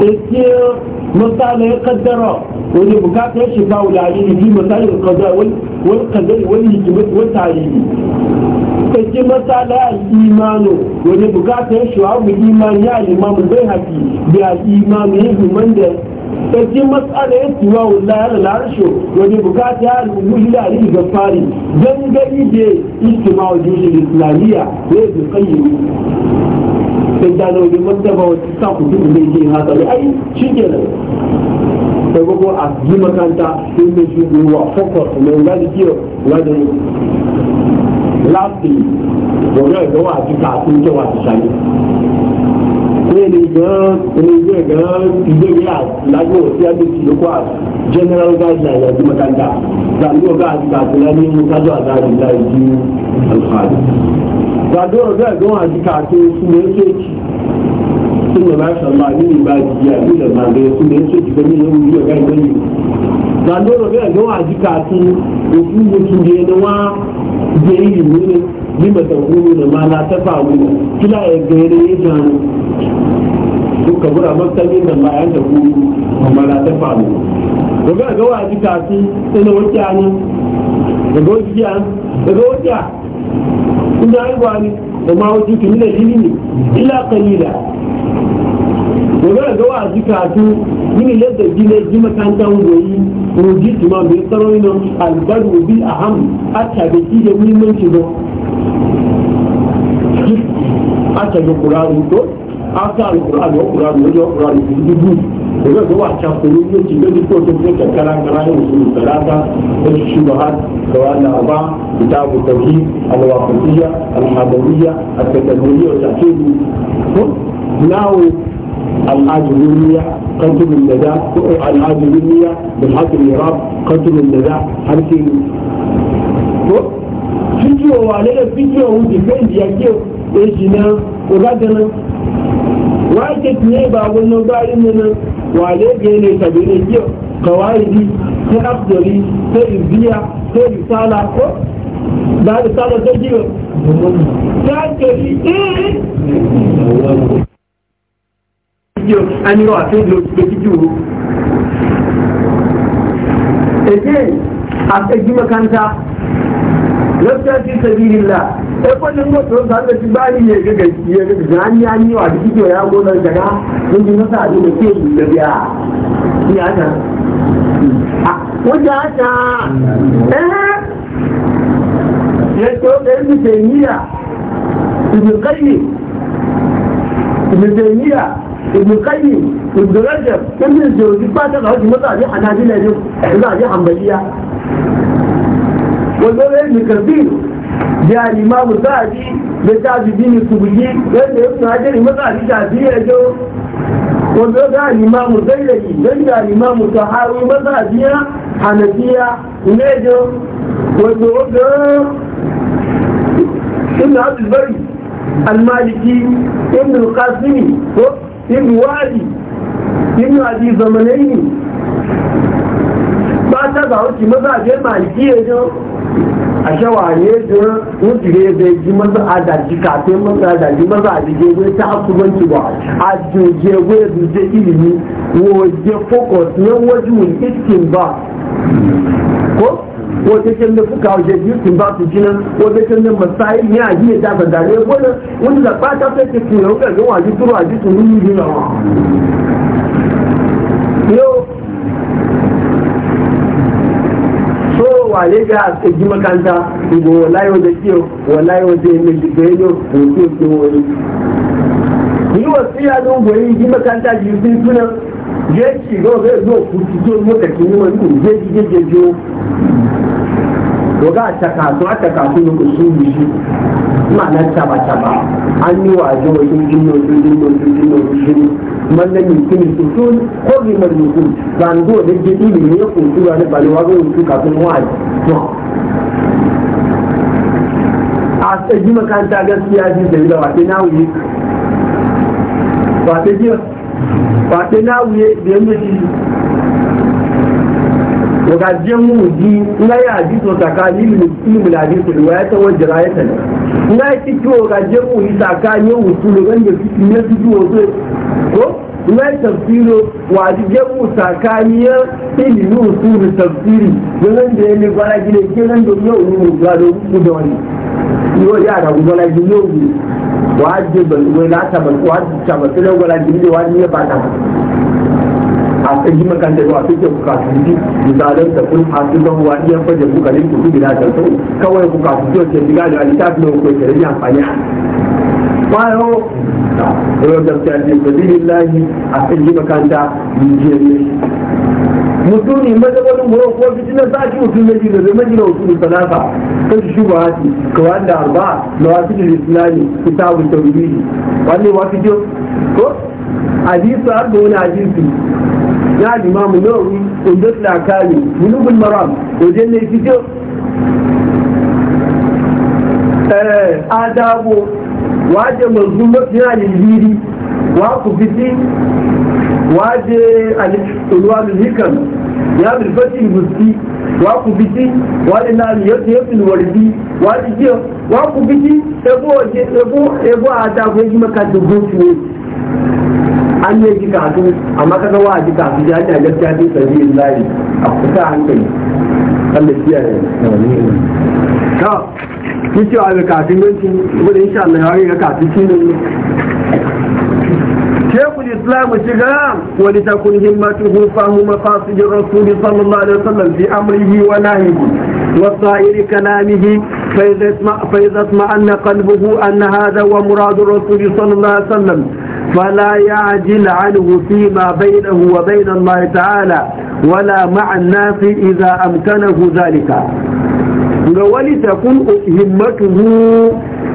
ake misalin kaddara wani bukatar shi ba wula ne ne misalin kaddara wani kaddari wani hikimati wani tarihi ake misalin imanu wani bukatar shi wa mu imani ya limamu bai haƙi da imanu ya zuman da ake misalin tiwa wula ya da larsho wani bukatar ya rubushi da alihi gafari gangari da istimawar jirgin islamiyya ya zuƙayyar sai gano wajen wanda ba sa ku duk zai ke haka ne ai shi ke nan sai ko a yi makanta sun da shi ruwa fokus mai wula da kiyo wula da láti ọ̀rẹ́ ìdánwò àti káàkiri jẹ́ wà ti sáyé. Ilé gan-an ilé gan-an ìgbéwé àlágbó tí a lè fi lókọ́ àti general guideline àti mọ̀tàdà gbàgbé ọ̀gá àti káàkiri ní mọ̀tàdà àdáyé láì ju àlùfáà gbàdúrà ọdún ẹ̀gbọ́n àti kàtó súnmọ́ ètò èkì súnmọ́ láṣàmà nínú ìgbà ìjìyà nílẹ̀ màdé súnmọ́ ètò èkì fẹ́ nínú ìlú ọ̀gá ìgbẹ́ yìí gbàdúrà ọdún ẹ̀gbọ́n àti kàtó òfin gbòtún di ẹni wá di èyí ìlú ni bí bàtà òwúrò nà máa la tẹ́fà àwòrán kí láyé gẹ̀ẹ́rẹ́ yé gan dukkan bura martani da bayan da ku amma na ta faru daga ga waji kafi ina wuce ne daga wuce daga wuce kun da haihuwa ne da ma wasu ki nuna jini ne illa kalila gobe ga wa ji katu yini ladda jini ji makantan goyi roji tuma bai tsaro ina albaru bi a ham a tabi ki da muhimmanci ba a tabi kurari to a ta alkurari wa kurari wajen kurari su dubu daga zuwa can kuma yau ci gaji ko ta fita karan karan yau su talata da su shi bahar da wani aba kitab tauhid al-waqifiyya al-hadawiyya al-tadawiyya al-tafsir ko nawo العاجلية قتل النداء العاجلية بالحق الإراب قتل النداء حركي fídíò wà lẹ́yìn fídíò òun dìfẹ́ǹdì ẹgbẹ́ èjì náà kò bá dáná wáyé tètè ní ìbáwọ̀ náà bá rí mi náà wane biye ne sabiri Ka kawaidi sai abdari sai izziya sai risala ko ba risala sai biyu ta kari an yi wa sai da biyu again eh, eh, a tsaki makanta lafiya fi sabilillah 哎，不能！我昨三个礼拜，你也是跟，也是跟人家女娃子叫，人家我那个啥，人家么子啊，就是结婚的呀，娘子。啊，我讲一下，哎，这交钱不正义啊？你不干净，你不正义啊？你不干净，你老人家，人家就一巴掌，然后你么子啊，你喊他进来就，人家就喊你呀。我那个女隔壁。da limamu sa'adi da tafi su subuki wanda ya suna jari matsari tafi ya jo wanda ga limamu zailaki don ta da limamu sahawi matsariya hanafiya ne jo wanda ga ibn abdulbari almaliki ibn alqasimi ko ibn wadi ibn abi zamanaini ba ta ba wuce mazaje maliki ya jo a shawaye jiran wutire zai ji maza a daji kafin maza a daji maza a ta asubanci ba a jige wai duje ilimi waje focus na wajen iskin ba ko wata kyanne fuka waje jirgin ba su jinan wata kyanne masayi ne a jiya ta bandare wani wani zaɓa ta fai ta fiye wa ƙarfin waje turu a wani yi wale ga a ji makanta ko wallahi wanda kiyo wallahi wanda ya mai da yau ko kiyo ko wani ni ya don goyi ji makanta ji sun tuna je ki ga zai zo ku ci zo lokaci ne wani ku je to ga ta kasu aka kasu ne usuli shi ma'anar taba taba an yi wa jo wasu jinno su jinno su jinno su jinno man da mutum su sun ko bi man mutum ban do da ji ne ya kuntu ga ba ne wazo su kafin to a tsaji makanta gaskiya ji da yi da wata na wuyi wata ji wata na wuye da yamma ji daga jemu ji na ya ji to tsakani ilmu na ji ya ta wajen ne na ya ci kiwo ga jemu yi tsakani usulu wanda ya fi kiwo so ko na ya tafsiro wa ji tsakani ya ilmi usulu tafsiri yanan da ya ne gwara gine kenan da yau ne mu gado ku da wani yau ya da gudu na yau ne wa ji ban wai na ta ban wani ta ban sai gwara wani ya ba a ji makanta zuwa suke bukatu ji misalin da kun hasu zan wa iya fajar bukalin kuku gida da su kawai bukatu zuwa ke shiga da littafin da kuke amfani a bayo da gaskiya ce sabilillahi a kan ji makanta yi mutuni mazabadin goro ko fitinar sati mutum na jiro zai majina mutum salafa kan shi shuba ka wanda arba na wasu da islami kitabun tauhidi wanne wasu fito ko hadisi har da wani hadisi ya limamu nawawi undat lakari bulugul maram wajen ne fito eh adabo wajen mazlumatu yana biri وعطفتي وعد الوان الهكم يا بالفتي البستي وعطفتي وعد النار يبني الوردي وعد الجيو وعطفتي ابو ابو ابو عتاب يجي مكان تبوتي an yi ji kasu amma ka ga wa'azi kasu ya ta gaskiya fi sabi'in a kusa hankali Allah kiya ne ka ki ce ga kasu yanci wanda insha Allah ya ga kasu shi ne شيخ الإسلام شغام ولتكن همته فهم مقاصد الرسول صلى الله عليه وسلم في أمره ونهيه وسائر كلامه فإذا اسمع فإذا اطمأن قلبه أن هذا هو مراد الرسول صلى الله عليه وسلم فلا يعجل عنه فيما بينه وبين الله تعالى ولا مع الناس إذا أمكنه ذلك ولتكن همته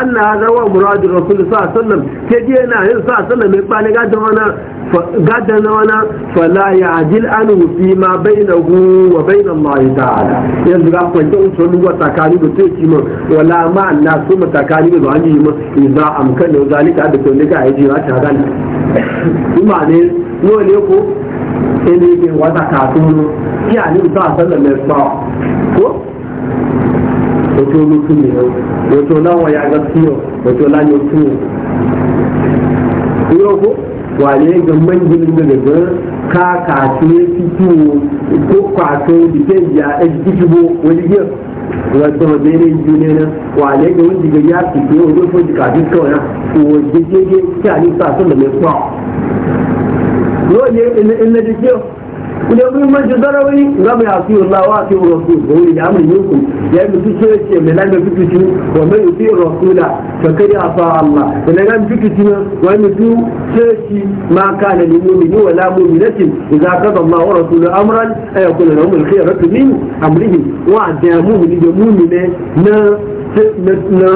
anna hada wa muradu rasul sallallahu alaihi wasallam ke je na yin sallallahu alaihi wasallam gadan wana gadan wana fala anhu fi ma bainahu wa bain Allah ta'ala yanzu ga ko da kima wala ma anna su matakani da an yi idza amkana zalika da to ne ga yaji ra ta gani kuma ne yo ne ko ene ke wata ka tunu ya ni ba sallam mai sa ko oto lutu mi o oto náwọn ya ga fi o oto la yóò tu o yóò ko ka ga mẹ́ngbẹ́ni gbẹ̀gbẹ̀ gan ká kàtó títú o kó kàtó dìtẹ́jì à ẹ̀dìtìbò onígbẹ̀ wọ́n bẹ̀rẹ̀ ìdílé náà wàlẹ́ ga wọ́n jìgbẹ̀ yá tìtú o ló fojú kàtó tọ̀ náà òwò jẹjẹrẹ kí àlùfáà tó lọ́mọ ẹ̀kọ́ yóò yẹ ẹnẹ́dẹ́gbẹ́ o. kule muhimmanci zarawi za mu yafi Allah wa fi rasul wa wuri ya mun yuku ya yi mutu ce ce mai lamar fituci wa mai yufi rasula fa kari afa Allah da na gan fituci na wa mutu ce shi ma kana lil mu'mini wa la mu'minatin idza qada Allah wa rasulu amran ay yakuna lahum al khiyaratu min amrihim wa da mu'mini da mu'mine na na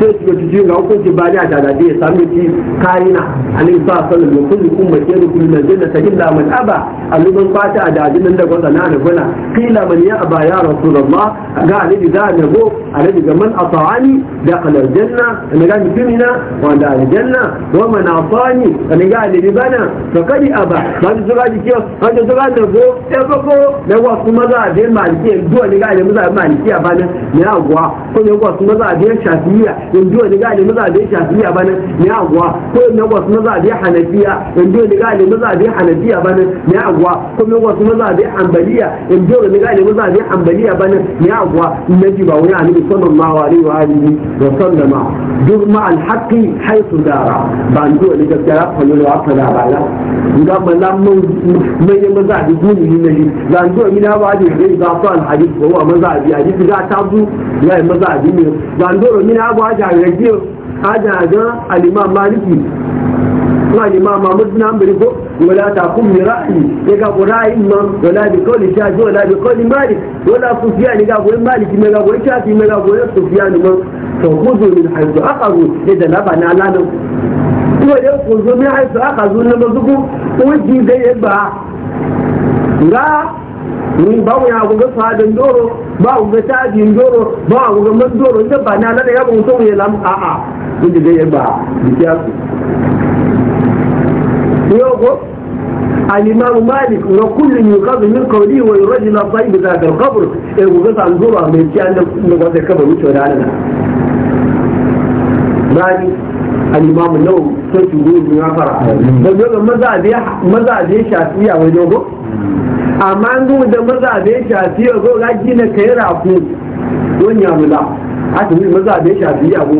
sai su gaji jiya ga hukunci ba da da ya sami ci karina alaihi sa sallam ya kulli umma ke rukun nan jinna ta illa man aba aluban fata a dajinan da gwada na da gwada kila man ya aba ya rasulullah ga alaihi za na go alaihi ga man ata'ani da kalar janna na ga mutumina wanda aljanna wa man ata'ani na ga alaihi bana fa kadi aba ba su jiki ba su da go ya ko da wasu maza a je maliki duwa ne ga alaihi maza maliki a bana ne agwa ko ne wasu maza da shafiya yanzu wani gane mazabe shafiya bana ne agwa ko ne wasu mazabe hanafiya yanzu wani gane mazabe hanafiya bana ne agwa ko ne wasu mazabe hanbaliya yanzu wani gane mazabe hanbaliya bana ne agwa nabi ba wani annabi sallallahu alaihi wa alihi wa sallama duk ma alhaqi haythu dara ba ndu wani gaskiya ko ne wa fara bala ga mallan mai ne mazabe gumi ne ne ga ndu wani na ba da ga fa alhadith ko wa mazabe hadith ga ta zu ya mazabe ne ga ndu wani na ba aja yaje maliki ko al mahmud bin hanbali ko wala taqum bi ra'yi ya ga ra'yi man wala bi qawli shafi wala bi qawli malik wala sufyan ga go maliki me ga go shafi me ga go sufyan man to khudhu min haythu aqaru idan labana lanu ko da khudhu min haythu aqaru na mazuku ko ji yi ba ga min ba wuya ku ga fadan doro ba ku ga tajin doro ba ku ga man doro inda ba na da ya ku so ya lam a a da ya ba ya ku yo ko الإمام مالك وكل يقاض من قوله ويرد الطيب ذات القبر وقطع الزرع من كان نقاط الكبر مش ولا مالك الإمام النووي سيد من عفرة بل يقول ماذا ماذا amma ngu da maza be shafi ya zo ga gina kai rafu don ya mula a tuni maza be shafi ya go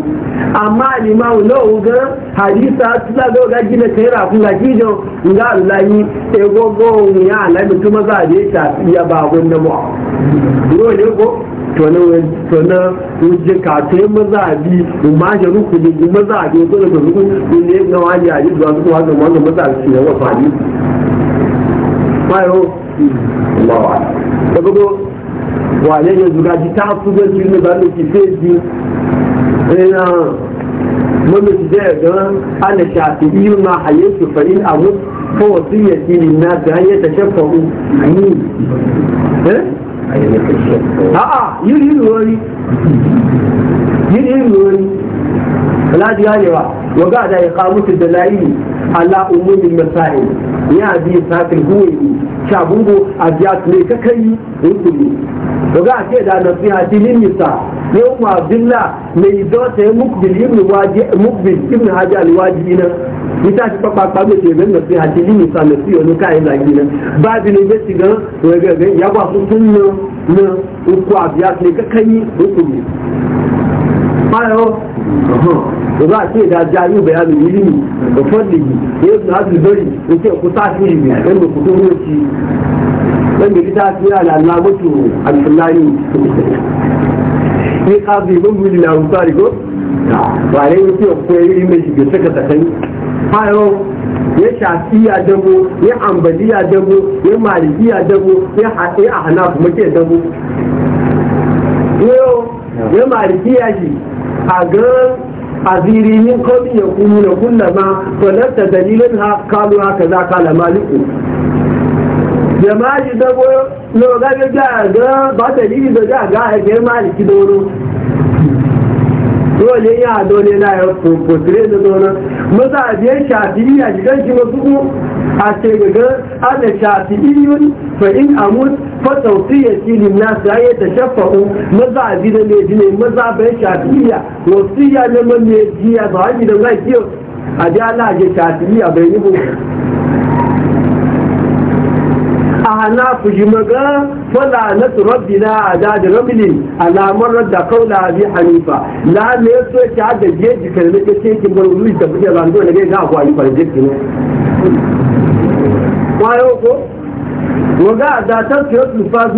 amma limamu na uga hadisa su za zo ga gina kai rafu ga gijo ga allahi e gogo ya alamu tu maza be shafi ya ba gunda mu dole ko tona wuje kate maza bi mu ma jaru ku ne maza bi ko da ku ne na wani a yi zuwa zuwa ga maza bi ne wa fadi mayo lawa da bugu wale ne zuga ji ta su ga ji ne ba ne ki fe ji ina mun ji da ga ana shafi ma hayyatu fa in abu fa wasiyati lin nas an yatashaffu ni eh a'a yin yin wani yin yin wani wala ji ganewa wa ga da ya kawo musu da ala umumin masai ya bi sakin huwayi shabungo a biya ne ka kai rukuni to ga ce da nasiha dilin nisa ne umma abdullah mai zo ta yi mukbil ibn waji mukbil ibn haji alwaji ina nita ti papa pa me te men nasiha dilin nisa ne si onu kai la gina ba bi ne beti ga to ga ga ya ba su sunna na uku a biya ne ka kai rukuni bayo ba a ce da jayu bayanu ilimi da fadlihi ya yi hasu bari da ce ku sa shi ne don da ku turo shi don da ita ce da al'amatu al-fulani ne kazi ban gudu na rusari ko ba ne ya ce ku yi mai shi bai saka sakani hayo ya shafi ya dabo ya ya dabo ya malikiya dabo ya haɗe a hana kuma ke dabo yau ya malikiya shi a gan Aziri kawai ya kunu da kullama falasta dalilin ha kalu haka za kala maliku jama'a shi dabo lo gaga ga ba dalili da ga ga ga maliki da wani dole ya dole na ya kokotire da dole maza a biyar shafi'i a gidan shi masu a ce gaga ana shafi'i yun fa in amut fa tawsiyati lin nas ya yatashaffu maza a gidan ne jine maza bai ya wasiya ne man ne jiya ba a gidan ga a ji Allah ya shafi'iya bai yi ana ku ji maga fala na rabbi na ada da rabbi alamar da kaula bi hanifa la ne so ki ada je ji wuri da buje ran dole ne ga kwai fa je ki ne ko maga da ta su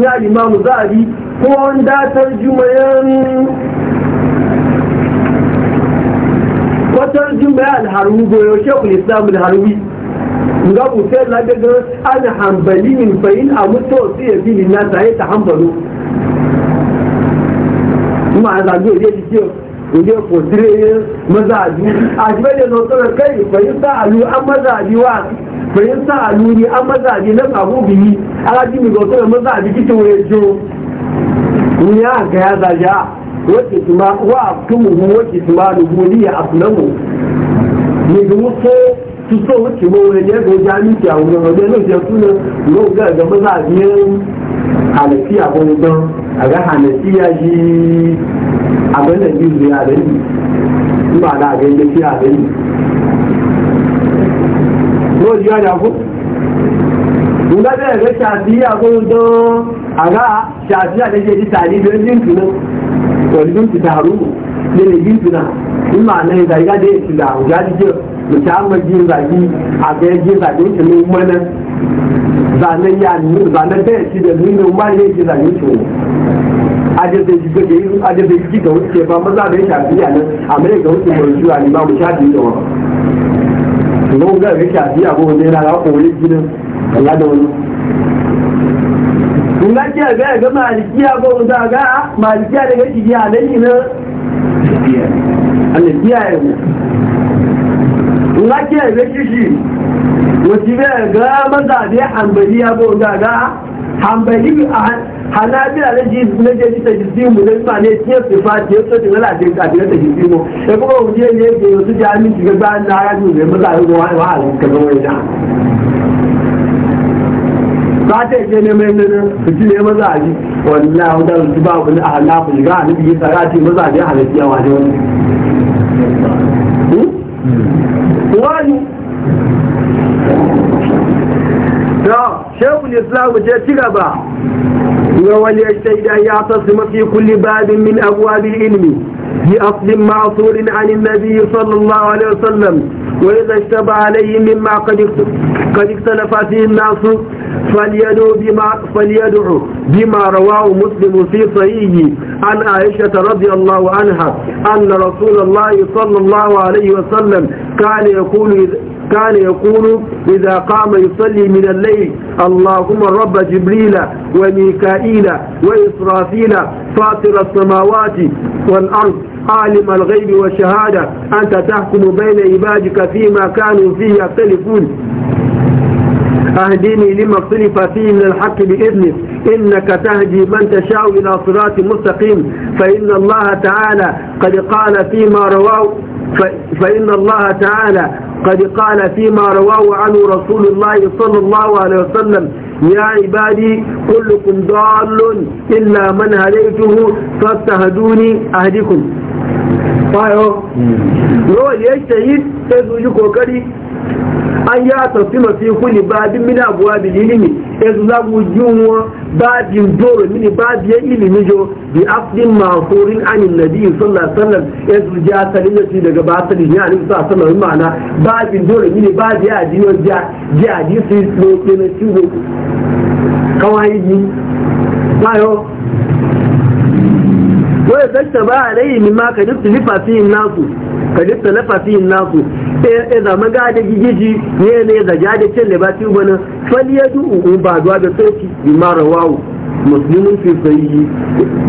ya imamu zali ko an da ta jumayan ko ta jumayan harubi ko shekul islam harubi nga wuce la daga ana hambali min fayin a mutu su ya bi na sai ta hambalo ma za go je ji inda ya maza mazaji a jibe da notar kai fayin sa alu an mazaji wa fayin sa alu ne an mazaji na samu biyi ala jimi maza notar mazaji kike waye jo ni ya ga ya zaja wace tuma wa kuma wace tuma da a afnamu ne ga mutu tutọ́ ó ti mọ́ ẹ̀jẹ̀ ẹ̀gbọ́jà ní ti àwọn ọ̀rọ̀dẹ́ ló jẹ fún ló ń gẹ̀ẹ́gẹ́ mọ́tà ní àlẹ́sí àbọ̀nìgbọ́n àgbẹ̀ àlẹ́sí ayé abẹ́lẹ̀ ní ìlú àlẹ́ yìí nígbà náà àgbẹ̀ ilé sí àlẹ́ yìí. ló yọ ọ̀yà fún ìgbàgbẹ́ ẹ̀rẹ́ ṣàtì àbọ̀nìgbọ́n àgbà ṣàtì àlẹ́sí ti tàbí ìlú ẹ̀jẹ̀ ìtùnú pẹ̀lú ti tààrú lè lè bí ìtùnà nígbà náà ìgbà musamman jin zagi a ga jin zagi wuce ne mana zanen ya zanen da shi da nuna ma ne jin zagi wuce ne ajabe shi ga yi ajabe shi ga wuce ba maza da ya shafi yanan amma ga wuce mai zuwa ne ba mu shafi da wani don ga ya shafi abu ne na ga kowai gidan Allah da wani in ga ke ga ga malikiya ko da ga malikiya daga shi ya nan ne Allah biya ya nake da kishi wasu ne ga maza ne ya bo ga ga hambali a hanabila na jisu na jeji ta jisu mu na e e e ba ne tiye su fa tiye su tun ala jin kafin ta jisu mu da kuma wuje ne ke wasu jami'in shiga ba na ya ji ne maza ne wani wa halin ka zama ita ba ta yi ne mai nan su ci ne maza a ji wallahi da su ba ku na ala ku shiga a nufi yi sarati maza ne halittiya wajen wani wani da شو الإسلام جاء تقبع وليجتهد أن يعتصم في كل باب من أبواب العلم بأصل معصور عن النبي صلى الله عليه وسلم وإذا اشتبع عليه مما قد قد اختلف فيه الناس فليدعو بما, فليدعو بما رواه مسلم في صحيحه عن عائشة رضي الله عنها أن رسول الله صلى الله عليه وسلم كان يقول كان يقول إذا قام يصلي من الليل اللهم رب جبريل وميكائيل وإسرافيل فاطر السماوات والأرض عالم الغيب والشهادة أنت تحكم بين عبادك فيما كانوا فيه يختلفون أهديني لما اختلف فيه من الحق بإذنك إنك تهدي من تشاء إلى صراط مستقيم فإن الله تعالى قد قال فيما رواه فإن الله تعالى قد قال فيما رواه عنه رسول الله صلى الله عليه وسلم يا عبادي كلكم ضال إلا من هديته فاستهدوني أهدكم طيب هو يجتهد يزوج وكري an ya tafsima fi kulli babin min abwabil ilmi yanzu za mu yiwuwa babin doro mini babi ya ilimi jo bi afdin ma'furin an annabi sallallahu alaihi wasallam yanzu ja salillati daga basali ne alaihi sallallahu alaihi ma'ana babin doro mini babi ya diyo ja ja di su ne ke na ciwo kawai yi bayo ko ya dakta ba a alayhi min ma kadifta lifa fihi nasu ka kadifta lafa fihi nasu ya e, e zama maga da gigiji ne ne da jade cin libati bana fal yadu ba zuwa da soki bi ma rawahu مسلم في صحيح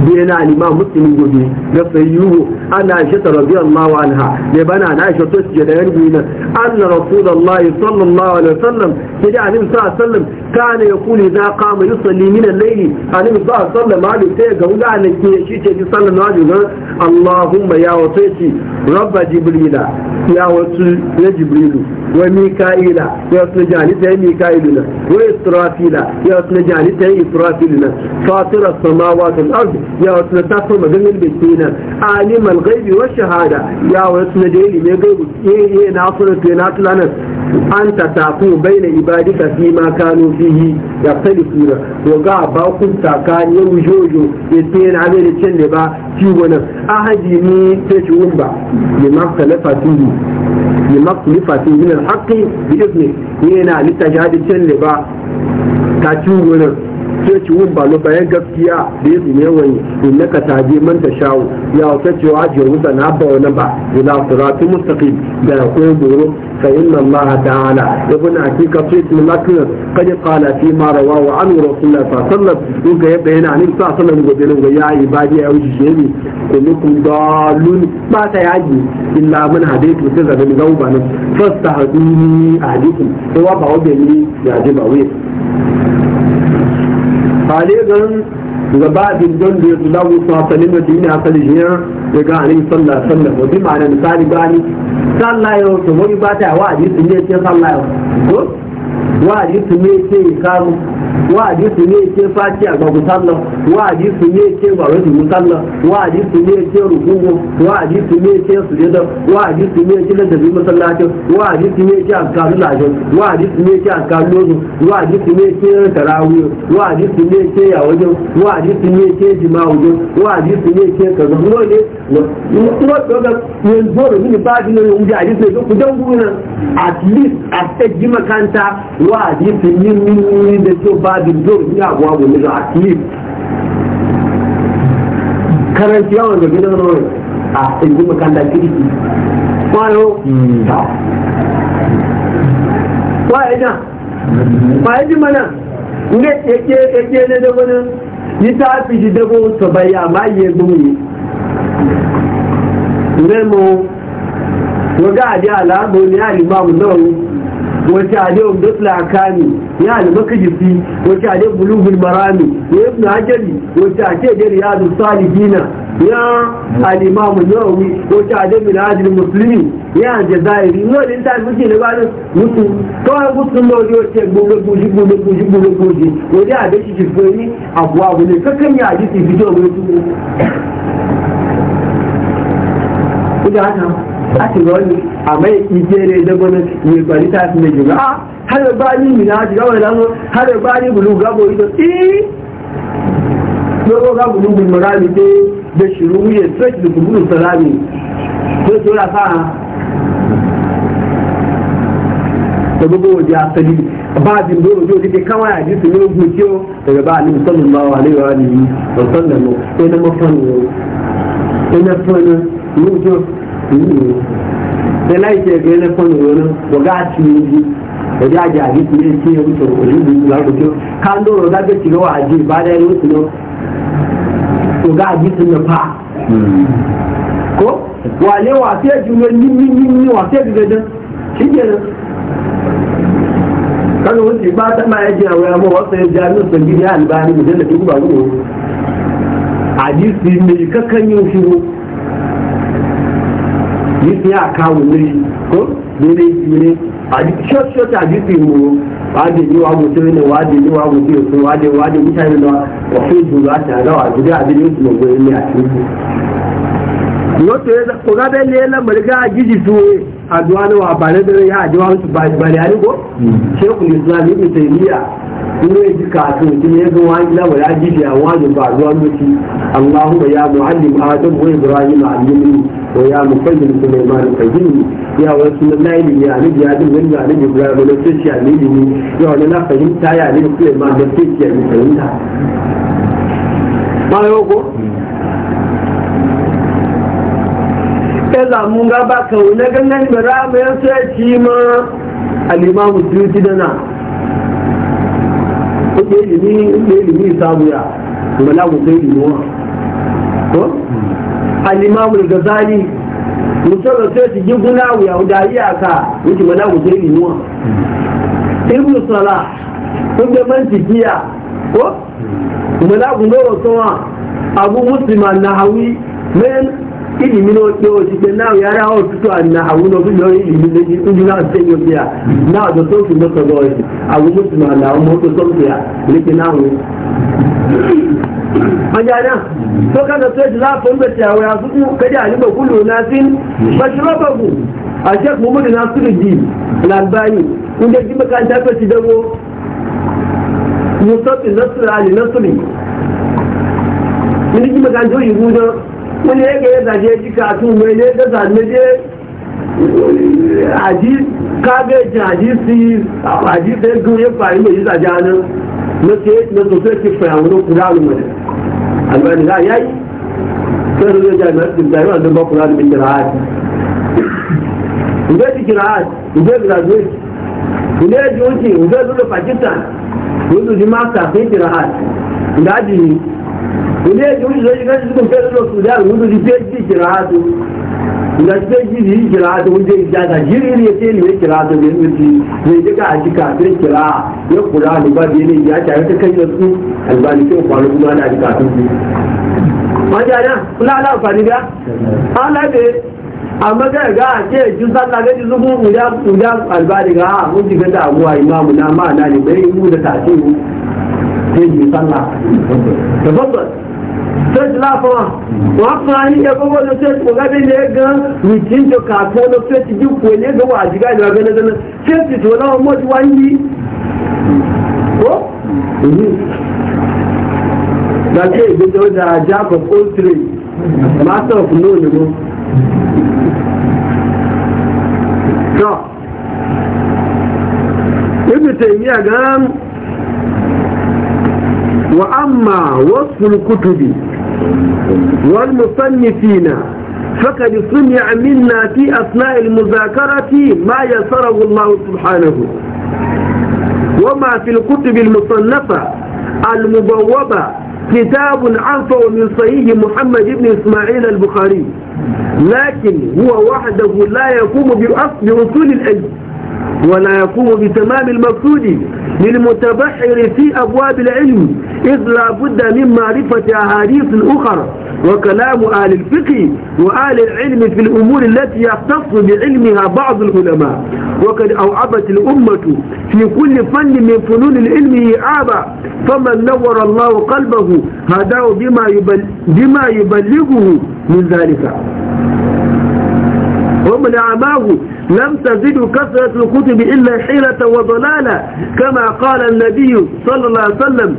بينا الإمام مسلم قدي لصحيحه أن عائشة رضي الله عنها لبنى عن عائشة تسجد أن رسول الله صلى الله عليه وسلم سيدي عليه الصلاة والسلام كان يقول إذا قام يصلي من الليل عليه الصلاة والسلام عليه سيقه لا أنك شيء صلى الله عليه وسلم اللهم يا وصيتي رب جبريل يا وصي يا جبريل وميكائيل يا وصي جاني ميكائيلنا وإسرافيل يا وصي جاني إسرافيلنا فاطر السماوات والارض يا وسنا تاسو maganin da ke nan alimal ghaibi wa shahada ya wani da yake mai gaibu eh na fara to na tulanan an ta tafu baina ibadika fi ma kanu fihi ya tali sura to ga ba kun takani ya wujojo ya tsaye na mai da cin da ba ci wannan ahaji ni ta ci ba liman talafatihi liman talafatihi min alhaqi bi izni yana litajadi cin da ba ta ci wannan sai ci wun ba bayan gaskiya da ya zume wani inna ka taje man ta shawo ya wata cewa ajiyar wuta na ba wani ba ila siratu mustaqim da ya koyi goro fa inna Allah ta'ala ibn akika sai ibn makr kad qala fi ma rawahu an rasulullah sallallahu alaihi wasallam in ga bayyana ne sa sallallahu alaihi wasallam ya ibadi ya wuce shebi kullukum dalun ba ta yaji illa man hadaitu sai zaga ni gauba ne fastahaduni ahdikum sai wa ba wabe ni ya ji ba wai ba ne gan gaba bin don da su lagu su hasali madina hasali jiya da ga alim sallah sallah wa bi ma'ana misali gani sallah yau to wani ba ta wa hadisi ne ce sallah yau ko wa hadisi ne ce kamu wa'adi su ne ce fatiya ga musallin wa'adi su ne ce barati su ne ce rukuku wa'adi su ne ce sujada su ne ce ladabi masallacin wa'adi su ne ce azkaru lajin wa'adi su ne ce azkaru lozu wa'adi su ne ce su ne ce yawajin wa'adi su ne ce jima'ujin su ne ce kaza kuma ne kuma tsoga yanzu da mini ba dinar wuce hadisi ne ku dan gudun at least a tsaji makanta wa'adi su ne da kullu babin dur ni abuwa bu ni at least karanti yawon da gidan rawar a inji makanda kirki kwano hmm. ta kwaye na kwaye ji mana ne yake yake ne da wani yi ta fi ji dabo ta bayya ma yi gumi ne mo waga adi alamu ni alimamu wace ale a lakani ya al-makdisi wace ale bulugul marami ya ibn ajali wace ake da riyadu salihina ya al-imam an wace ale minhaj al ya jazairi no din ta muke ne ba mutu wace a da shi abuwa kakan ya ji fito haka a ti wani ah, a mai ijere da gwani mai bari ta fi jiga a har ba ni mina a jiga wani lamu har ba ni bulu gabo ito ii yoro ga bulu bulu marami te da shiru wuye straight da kubulu salami ko ce wala sa da gbogbo waje asali ba bin dole dole ke kama ya ji su ne ogun daga ba alim sallallahu alaihi wa alihi wa sallam sai na mafanu sai na fana mu. sai laike ga yana son wani waga a cikin ji da ji ji a su ne ce ya wuce wani da su zaku ce kan doro ga shiga wa aji ba da ya wuce nan waga a ji na fa ko wale wa sai ji wani nimmi wa sai ji shi ke nan kan wuce ba ta ma ya ji a waya ma wasu ya ji a nan sun gidi albani mutum da duk ba zuwa hadisi mai kakan yin shiru yìí àkáwò lẹ́yìn kó lórí ìpínlẹ̀ ṣọ́ọ̀ṣì àdìsí ìwòrò wáde ní wa wòtí ẹ̀rẹ́ wáde ní wàá wòtí èso wáde wáde níta ìlú ọ̀fẹ́ ìdùnnú àti àdáwà àgbẹ̀dẹ́ àdéhùn ìtumọ̀ gbẹ̀rẹ̀ ní àti le lọ́tọ̀ ọ̀gábẹ́lẹ́ lẹ́mọ̀lẹ́gá jíjì tó aduwa na wa ba na dare ya addu'a wasu ba ne ya ko shekul islam ibn taymiya inda ya ji kasu mutum ya ga wani lawa ya ji da wani ba zuwa mutu allahumma ya muallim adam wa ibrahim alimni wa ya mufayyim sulaiman fayyimni ya wa sunan laili ya ni ya din wani ya ni ibrahim na sai ya ni ni ya wani na fahimta ya ni sulaiman da sai ya ni fahimta ba yau ko mun ga ba kawo na ganin da rama ya sai ci ma alimamu juji da na ɗaya ilimi ɗaya ilimi samu ya bala mu sai ilimi ko alimamu da gazali mutum da sai ci giguna wuya da iyaka wuce bala mu sai ilimi wa ibn sala kun ga mantikiya ko bala mu nawa sama abu musulman nahawi hawi. ilimi na ote oṣiṣẹ a yàrá òtútù àná àwọn òfìlọ ilimi lẹni ojú náà ṣe yóò fi à náà ọjọ tó fi lọsọ lọ ẹsẹ àwọn mùsùlùmí àná àwọn mọtò tó fi à lẹsẹ náà wọn. ọjà náà tó kánà tó ti láàfọ ń bẹsẹ àwọn àtúntò kẹjá àdúgbò kúlù náà sí pàṣẹlọpọgù àṣẹ mọmọdé náà sùrù jì làǹbáyì ń dé jí mẹkáńtà tó ti dẹwọ mùsọ̀tì lọ́sùn àlè lọ́sùn wani ya gaya zaje ji kafin wani ne ga zane je hadis kaga ji hadisi hadisi ya gure fari mai yi zaje nan na ce na sosai ke fara wani kuralin wani albani da ya yi sai rage jami'ar jami'ar da ba kuralin bin jira'ati ube ti da ube graduate ube ji wuce ube zuwa pakistan wuce ji master sai jira'ati da ji ilé ẹjọ́ ìṣòro yìí kẹ́sì tó fẹ́ẹ́ lọ sùdá ìwúlò ní péjì ìṣẹ̀rọ àdó ìgbà tí péjì ní ìṣẹ̀rọ àdó oúnjẹ ìjàdà yìí rí ẹtí ìlú ìṣẹ̀rọ àdó ní ẹnu ti ní ẹjẹ́ ká àti kàfé ìṣẹ̀rọ yóò kúrò àlùbá bí ẹni ìyá àti àyẹ̀kẹ́ kẹ́yìn ọdún àlùbá ní kí ó pa lókun náà láti kàfé sí. wọ́n jẹ́ àyà fúláàlà òfàní bíá alábẹ́ àmọ́gẹ́ ẹ̀gá àti ẹ̀jú sálà lẹ́ni lógún ìyá ìyá àlùbáríga àwọn ti fẹ́ dààmú àìmáàmù náà máa náà lè gbé ìmú ìdẹ́ta sí ìwú. Tẹ́jú sálà. Tẹ̀fọ́tọ̀ fẹ́ẹ̀sì láàfọ́ wọn fún ayé ẹgbẹ́ wọn lọ fẹ́ẹ̀sì kò gábé ilé gan nìtí ń jọ kàtọ́ lọ fẹ́ẹ̀sì bí kò ní ẹgbẹ́ wọn àjíká ìlú abẹ́lẹ́dẹ́lẹ́ fẹ́ẹ̀sì tó láwọn mọ́ ti wá ń yí. gbàgbé ìgbésẹ̀ ó dára jacob oltre master of no ni mo. ibi tèmi àgán wa amma wasu kutubi والمصنفين فقد صنع منا في أثناء المذاكرة ما يسره الله سبحانه وما في الكتب المصنفة المبوبة كتاب أنفع من صحيح محمد بن إسماعيل البخاري لكن هو وحده لا يقوم بأصل أصول العلم ولا يقوم بتمام المقصود للمتبحر في أبواب العلم إذ لا بد من معرفة أحاديث أخرى وكلام أهل الفقه وأهل العلم في الأمور التي يختص بعلمها بعض العلماء وقد أوعبت الأمة في كل فن من فنون العلم إعابة فمن نور الله قلبه هداه بما, يبل بما يبلغه من ذلك ومن أعماه لم تزد كثرة الكتب إلا حيلة وضلالة كما قال النبي صلى الله عليه وسلم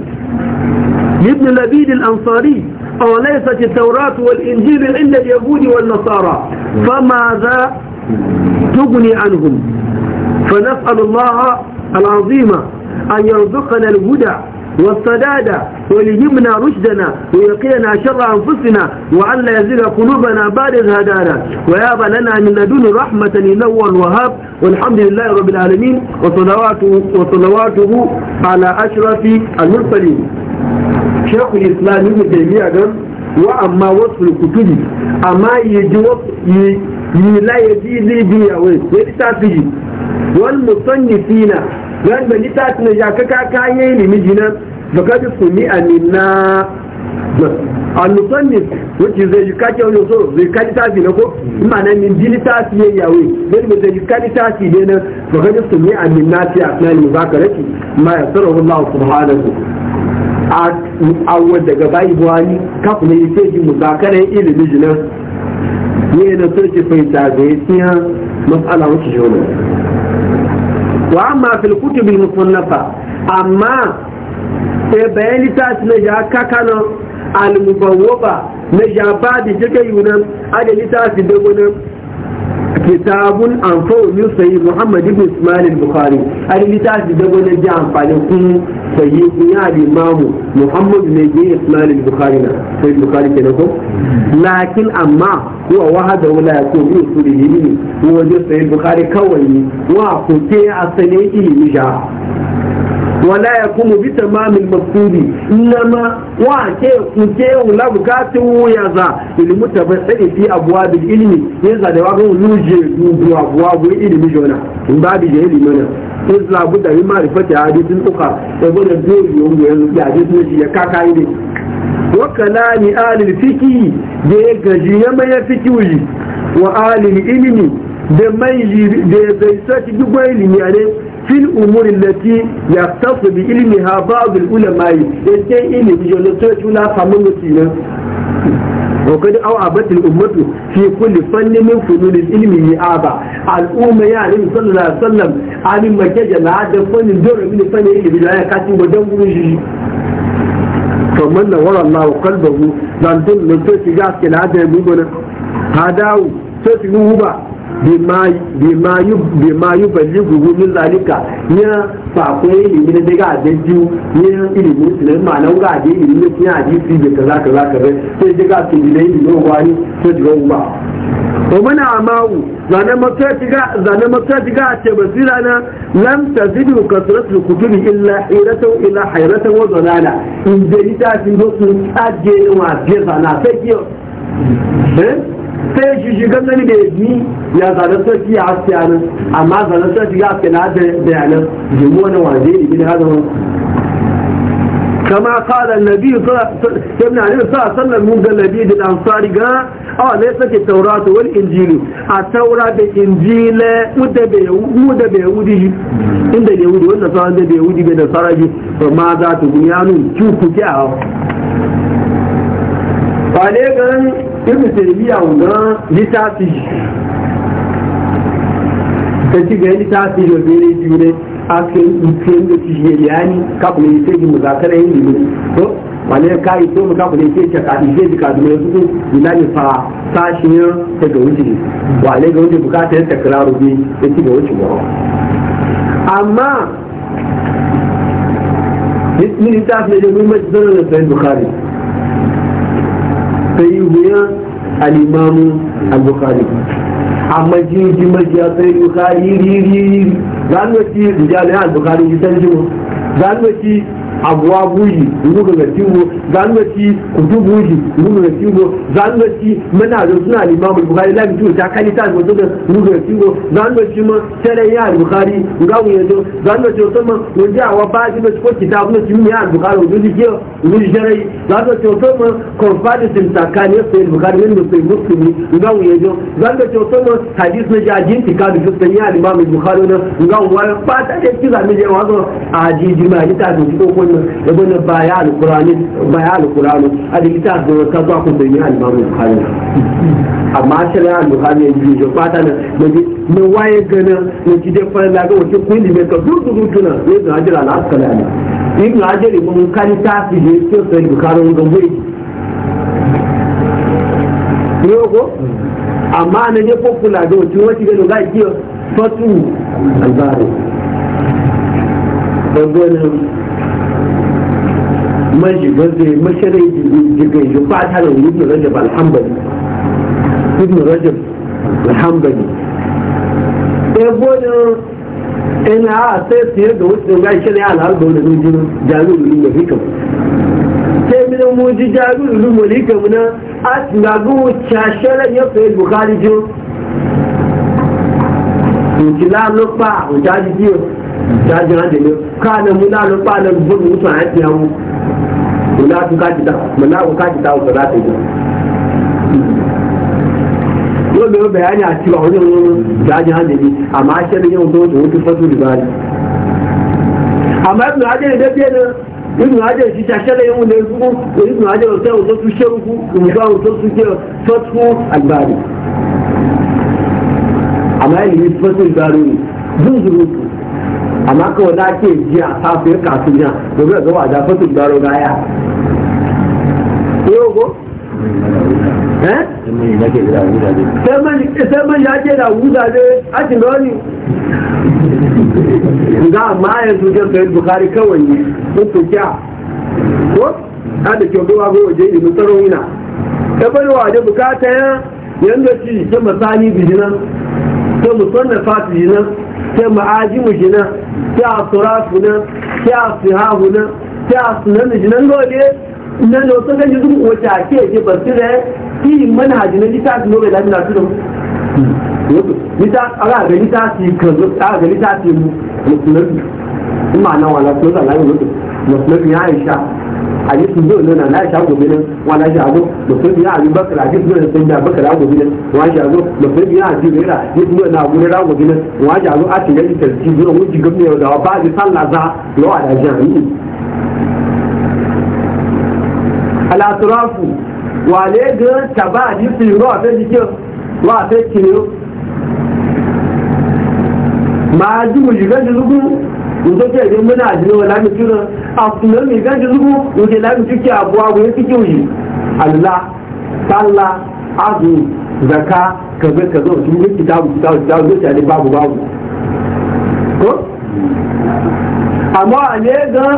لابن لبيد الأنصاري أوليست التوراة والإنجيل إلا اليهود والنصارى فماذا تغني عنهم فنسأل الله العظيم أن يرزقنا الهدى والسداد وليهمنا رشدنا ويقينا شر أنفسنا وأن لا يزيغ قلوبنا بعد إذ هدانا وياب لنا من لدن رحمة إنه الوهاب والحمد لله رب العالمين وصلواته, وصلواته على أشرف المرسلين شيخ الإسلام ابن تيمية قال وأما وصف الكتب أما يجي وصف لا يجي ذي بيا والمصنفين ran da litatin ya ka kaka kayan ilimi jinan baka ji sumi amina al-musannif wuce zai yi kake wani so zai kali tasi na ko ma na min jini tasi ya yawe zai mai zai yi kani tasi ne na baka ji sumi amina ti a tsanani ba ka rake ma ya tsara Allah subhanahu a wani wadda gaba ibuwani kafin ne yake ji muzakaran ilimi jinan ne na soke fahimta ga ya tiyan matsala wuce shi wani wa amma fil kutubil musannafa amma e bayani ta na ja kakana al mubawwaba na ja ba da jike yunan adalita su dogonan kitabun an min sayi muhammad ibn ismail al-bukhari ali litafi da wani ji amfani kun sayi kun ya da imamu muhammad ne ji bukhari na sai bukhari ke ko lakin amma huwa wahada wala yakun bi usuli ilmi huwa ji sayi bukhari kawai wa ko ke asali ilmi ja wala ya kuma bitamin tamamin maksudi inama wa ke kuke wula bukatu ya za ilmu tabassai fi abuwa bil ilmi ya za da wa ga luje dubu abuwa bu ilmi jona in ba bi jeli mana isla budda bi ma'rifati hadithin uka da gode dole yongo yanzu ya hadithin ya kaka ide wa kalami alil fiki da ya gaji ya mai fiki wa alil ilmi da mai da zai sa ci dubai ilmi ne في الأمور التي يختص بعلمها بعض العلماء يستطيع إلي جلسات فمن يسينا وقد أوعبت الأمة في كل فن من فنون العلم يعابا الأمة يعني صلى الله عليه وسلم عن مكجة لعادة فن الدور من فن العلم لا يكاتب ودنبر جيجي فمن نور الله قلبه لن تنسى تجاهك العادة يقولون هذا هو تسيبه بقى bima yi baligu min zalika ya sako ya ilimi na daga adaji ya ilimi na ma'ana ga adi ilimi na kiyan adi fi da kaza kaza kaza sai daga su ilimi ilimi wani ta jiran ba wa mana wu zane matuwa shiga a ce basira na lam ta zidu kasuratul kutubi illa hairatan illa hairatan wa zalala in jeri ta fi zo su tsaje wa na zana sai kiyo eh? sai shi shigar nan da yi ya zanen sarki ya haske nan amma zanen sarki ya haske na da bayanan jimu wani waje ne bin hada wani كما قال النبي صلى الله عليه وسلم من النبي الأنصار قال أو ليست التوراة والإنجيل التوراة بالإنجيل مدى بيهودي عند اليهودي والنصارى عند اليهودي بالنصارى فماذا تبنيانون شوفوا كيف قال ibi tèmi àwòrán lítàtì tẹ̀sí gẹ̀ẹ́ lítàtì lọ́bẹ̀rẹ̀ jù rẹ̀ aṣe ìfẹ́ ń lòtí yẹ̀lẹ̀ á ní kápùlẹ̀ ìfẹ́ jù mùsàkẹ́rẹ́ yìí lò tó wà ní ẹ̀ka ìfẹ́ mu kápùlẹ̀ ìfẹ́ ìṣẹ̀ka ìfẹ́ ìdìkà jù mẹ́rin ina ìlànà fa sáàṣì ń ẹgbẹ̀ oúnjẹ wà lẹ́gbẹ̀ oúnjẹ bùkátà ẹ̀ tẹ̀kẹ́rẹ́ arúgbé etí ci oúnjẹ wọ̀ àmà amma fi lè gbé mẹ́tí sọ́nà lọ́sẹ̀ bukari sai wuyan alimamu al-bukhari amma jirgin majiya sai bukhari riri riri ranar ci rijalai al-bukhari ji san jiwo ranar ci abuwa buji nuga ga ci kutu buji nuga ga ci mana muna da suna limamu bukari lafi tiwo ta kani ta zuwa da nuga ga ci ma tare ya bukari nga mu yanzu ci wasu ma wani awa ba ji mace ko kita kuma ci mu ya bukari wani ji ke wani jarai ci wasu ma confidence tsakani ya sayi bukari wani sayi musulmi nga mu yanzu ci wasu ma hadis na jajin tika da fuskan ya limamu bukari wani nga mu wani ba ta da kiza mai jawa zo a jijima ta zuwa ko wannan ya bane baya alqur'ani baya alqur'ani a da ita da ta ba ku da ni al bukhari amma shi na al-bukhari ji fata na ne ne waye gana ne ji da fara daga wace kulli ka durdu tuna ne da hajira al-asqalani in hajiri mun kan ta fi je sai sai bukhari ga wai ko amma na je popular da wace wace ga ga kiyo fatu al-bari mashi bazai mashirai jigai ji ba ta da ibn rajab alhambali ibn rajab alhambali ebo da ina a sai siyar da wasu ga shi ne al'arba da nujin jami'ul ulum da hikam sai mina mu ji jami'ul ulum da hikam na a tunagu cashara ya sai bukari jin ìtìlá ló pa òjájú díò jájú ránjẹ ló káà ní mú náà ló pa lọ gbóòmù tó àti àwọn munafuka ti ta ọ̀sọ̀ láti jù yóò lè bẹ̀rẹ̀ àti ọ̀rọ̀ ní ọ̀rọ̀ jáde hàn lèmi àmà aṣẹ́ mi yóò tó tó tó fọ́tò rẹ̀ báyìí àmà ẹ̀bùn ajé lè débí ẹ̀nà ibùn ajé ìṣiṣẹ́ aṣẹ́lẹ̀ yóò lè fún ibùn ajé ọ̀sẹ̀ òtó tún ṣé òkú nǹkan òtó tún jẹ́ fọ́tò fún àgbàdo àmà ẹ̀yìn fọ́tò amma kawai na ke jiya ta fiye kafin ya domin a wada gaya yau go eh? sai man ya ke da wuza ne a tinoni ga amma yanzu jan bukari kawai ne ko da kyau gowa gowa je ilimin tsaron yana ta da bukata ya ci masani bijinan ta musamman sai ma'ajimu jina sai a turafu nan sai a sihahu nan sai a sunan shi nan gole nan da wasu ganji zuku wace a ke ke barci da ki manhaji na lita su nobe lamina su da lita ara ga lita su kazo ara ga lita su mu musulmi ma'ana wala su da yi musulmi ya sha. hadisi zuwa nuna na shi hagu binin wani shi hagu mutum biya abin bakar hadisi zuwa sun biya bakar hagu binin wani shi hagu mutum biya a jibe ra hadisi zuwa na hagu hagu binin wani shi hagu a cikin yi tarci zuwa wuce gabne yau da wa ba ji sallah za yawa da jami'i. alaturafu wale ga taba hadisi ruwa fẹ́ jikin ruwa fẹ́ kiri ma ji mu jigan da zugun nítorí ẹ̀rí múnà àdínlọ́wọ́ lámìtú náà àfùnlẹ́mì ìgbẹ́jì lúgbù òde lámìtú kí àbọ̀ àwòrán kíkí òyì àlá tálá azu zaka kẹgbẹ́kẹgbẹ́ òtún ní kìtàbù ne kìtàbù ló tẹ̀lé báàbù báàbù. àmọ́ àlẹ́ gan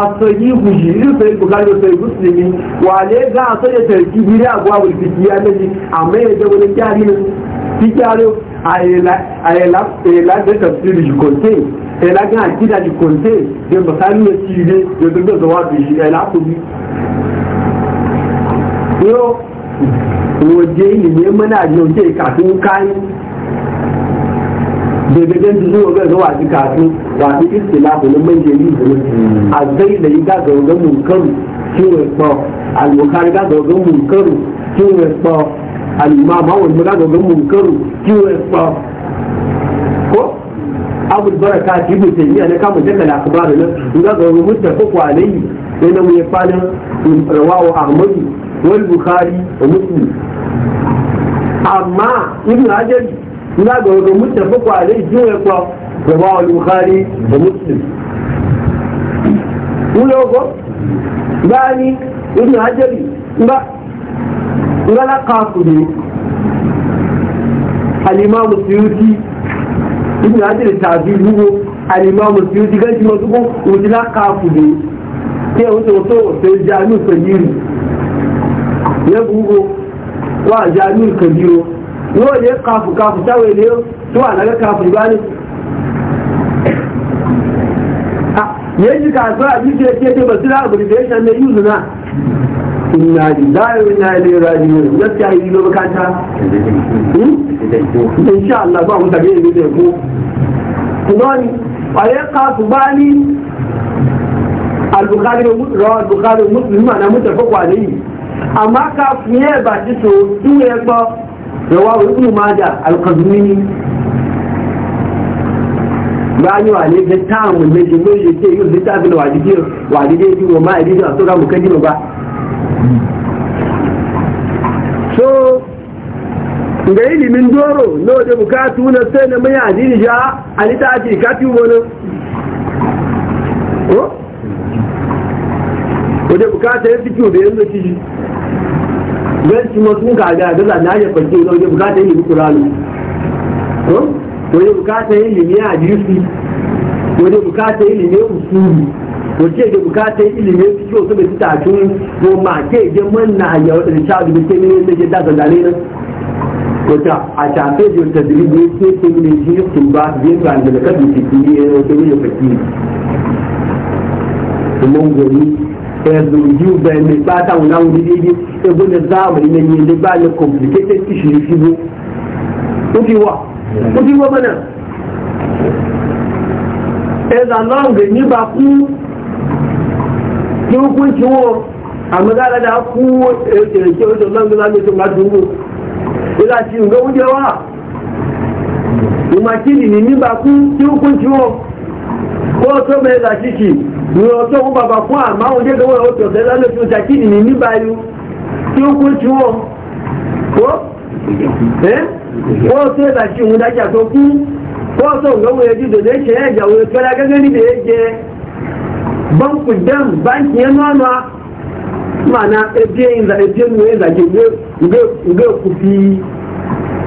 asọ̀yí ìbùjì irúfẹ́ ìbùkálẹ̀ ọ̀sọ̀ ìbùsùlùmí wà àlẹ́ gan asọ̀yẹ̀ tẹ̀lẹ́kì ìbílẹ̀ àbọ̀ àwòrán ìfìtì yá méjì àmọ́ ẹ̀ẹ́dẹ́gbẹ̀lẹ́ kí á rí mi kí á rí àyẹ̀lá àyẹ̀lá ẹ̀ẹ́lá dẹ́kẹ̀ sí ìrìjù kọ̀ọ̀tẹ́yìn ẹ̀lá gán àjídà ní kòǹté ní mọ̀sálí etí ilé yọ̀dọ̀gbẹ̀ zọwádìí yìí ni tóbi. yóò wòde ìnìyẹn mọ́nà àjẹ́ òjé ìkàtún káyí daidai su zuwa ga zuwa ji kafin ba su istilafu na manje yi zuwa a zai da yi gaza ga munkaru kiwo ba al-bukhari gaza ga munkaru kiwo ba al-imam awon gaza ga munkaru kiwo ba ko abu baraka ibn taymiya na kama daga labarin nan ga ga muttafaq alayhi yana mu yafanin rawahu ahmad wal bukhari wa muslim amma ibn hajar ga ga ga muttafaq alayhi jiya ko rawahu al bukhari wa muslim ulo go bani ibn hajar ba ngala kafu ne al-imam suyuti ibn hajar tabi rugo alimamu su yi ganci masu ko wuce na kafu ne Ke wuce wato sai jami'u kabiru ya gugo wa jami'u kabiru yau ne kafu kafu tawai ne to a naga kafu ba ne ah, yanzu kasuwa a bishe ce ce basira abbreviation na yuzu na inna lillahi na inna ilaihi raji'un gaskiya yi lo bakanta hmm? insha Allah ba mu tage ne da ku kudani ayi ka tubani al-bukhari rawi al-bukhari muslim ma na mutafaq alayhi amma ka ne ba ti so ya gbo rawi ibn majah al-qazmini bayan wa ne da ta mun ne jimmi yake yi da ta bin wajibiyar wajibiyar wa ma'idin a sura mukaddima ba so ga ilimin doro na waje bukatu na sai na mai ajiyar ja a litafi kafin wani waje bukata ya fito da yanzu shi don shi masu ka ga gaza na ya fanke na waje bukata ilimin kuranu waje bukata ilimin ajiyar waje bukata ilimin usuli wace da bukatar ilimin su kyau su bai fita tun ko ma ke je manna a yawon da sha dubu sai ne da ke da zalale nan wata a tafe da wata diribu ya ce ke ne shi su ba biye ba da daga kadu su ki ne wata ne da fakiri kuma gori ya zuju bai mai bata wuna wuri daidai ya gudu zamani na yi da ba na complicated issue shi zo kujiwa kujiwa mana ezalonge kí hukunci wo àmì dára dáa kú èrè kí oṣù lọ́gbọ́n láti tó máa dùn wò ìlà tí nǹkan oúnjẹ wà ni ní nígbà kú kí hukunci wo kó o tó mẹ́rin làṣìṣì ní ọjọ́ òun bàbá fún àmà oúnjẹ tó wọ́n ọ̀tọ̀ tẹ́lá ló tó ni ní nígbà yìí kí hukunci wo kó o tó làṣì òun dájà tó kú kó o tó nǹkan wọ̀nyẹ dídò lè ṣe ẹ̀jà òun kẹ́lá gẹ́gẹ́ níbi èjẹ banku dam banki ya nuna mana ebe yin za ebe mu yin za ke nge fi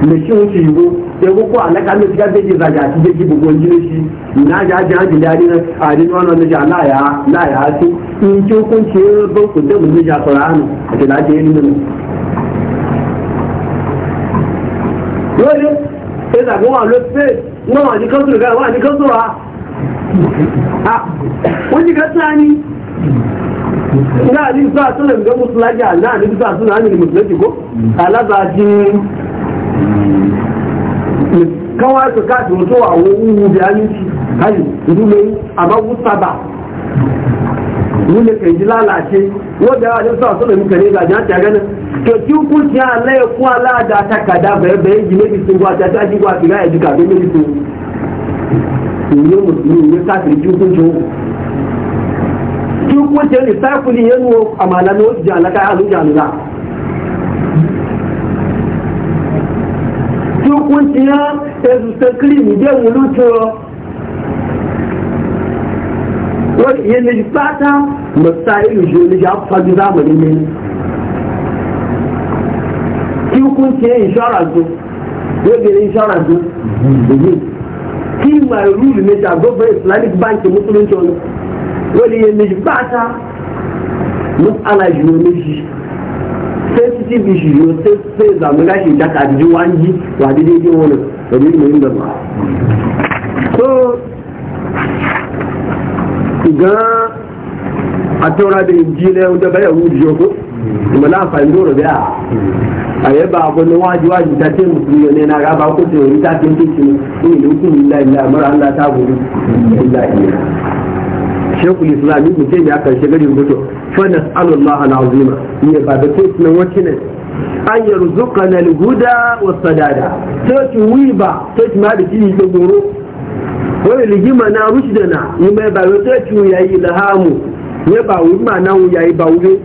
me shi wuce yiwu ego ko alaka me tiga beji za ga tije ki bugo jire shi na ga ji an da ni a ni nuna na ja la ya la ya ti in ki kun ci banku dam ne ja qur'an ke da ke ni ne yo yo eza go wa lo pe no ni kan su ga wa ni kan su wa a wani ga tsani na ni za su nan ga musulaji na ni za su nan ni musulaji ko ala za ji kawai su ka su mutuwa wo uwu da aminci hali dole amma wuta ba wule kai ji lalace wanda ya ji sa da kare ga jan ta ganin to ki ku ci Allah ya ku Allah da bai bai ji ne bisu gwa ta ji gwa ga ya ji ka ne não mùsùlùmí ìyé káfíì tí ó kún jù tí ó kún jẹ́ ìsáàkùlì yẹn wo àmàlà ni ó ti jẹ́ àlákà àlùjá àlùlá tí ó kún ti yán ẹ̀sù sẹ́kírì nìjẹ́ ìwúlú tó wọ́n ìyẹn lè pátá mọ̀tá ìlú ju olùjẹ́ àfọ́jú dáàmù still rule ne ta gbogbo islamic bank musulunci wani wani ya miji ba ta matsala ne miji sensitive jiyo sai zamu gashi ta ka ji wanji wa daidai jiyo wani da ne mai da ba so ga a taura da injila da bayan wujiyo ko kuma na amfani doro biya a yi ba ko waji waji ta ce musulmi ne na ga ba ko ce ta ce ce ce ne da hukun lillahi lillahi mara an ta gudu lillahi ne shekul islam ibn taymiya karshe gari rubuto fa nas'alullah al'azima ne ba da ko na wacce ne an na al-huda was-sadada ce wuyi ba ta ce ma da ki ko goro wani ligima na na yi mai ba to ki yayi lahamu ya ba wi ma na yi ba wi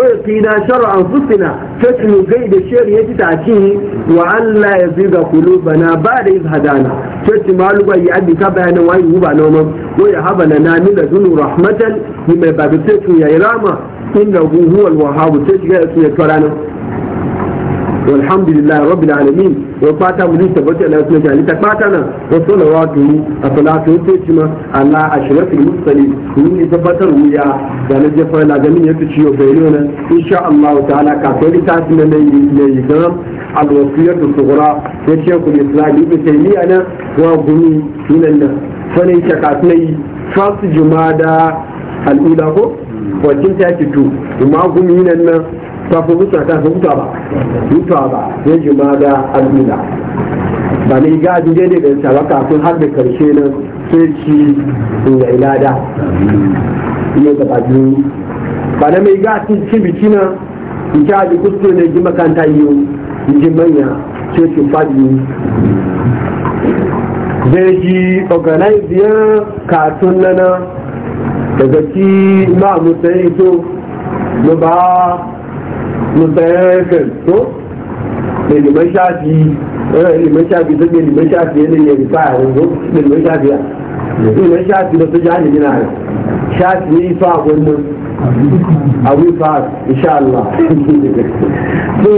ويقينا شر أنفسنا فتن قيد الشر يتتعشيه وأن لا يزيد قلوبنا بعد إذ هدانا فتن معلومة يعدي تبعنا وأيه بعنوما ويهب لنا من لدنه رحمة لما بابتته يا إرامة إنه هو الوهاب تشغل اسمه walhamdulillahi rabbil alamin fata mu ne tabbata Allah ya ta fata nan wa salawatu as-salatu ta ci ma Allah ashrafil mursalin kun ne tabbatar mu ya da na jefa la gamin ta'ala ka kai ta ci nan ne ne ga al-wasiyatu ko kafin mutuwa fi mutuwa ba mutuwa ba ya jima da al'ula ba ne ga abin daidai da yasa ba kafin har da karshe nan sai shi da ilada ne da ba biyu ba na mai ga cin biki na in ci ji kuskure ne ji makanta yiwu in ji manya sai ci fadi zai ji organize ya katun nana daga ci ma musayi to ba musayakan to da liman shafi wani liman shafi sun liman shafi yanayi ya rufa a yanzu da liman shafi ya liman shafi da su jani gina ya shafi ya yi fa a wannan abu fa insha Allah <laughs> so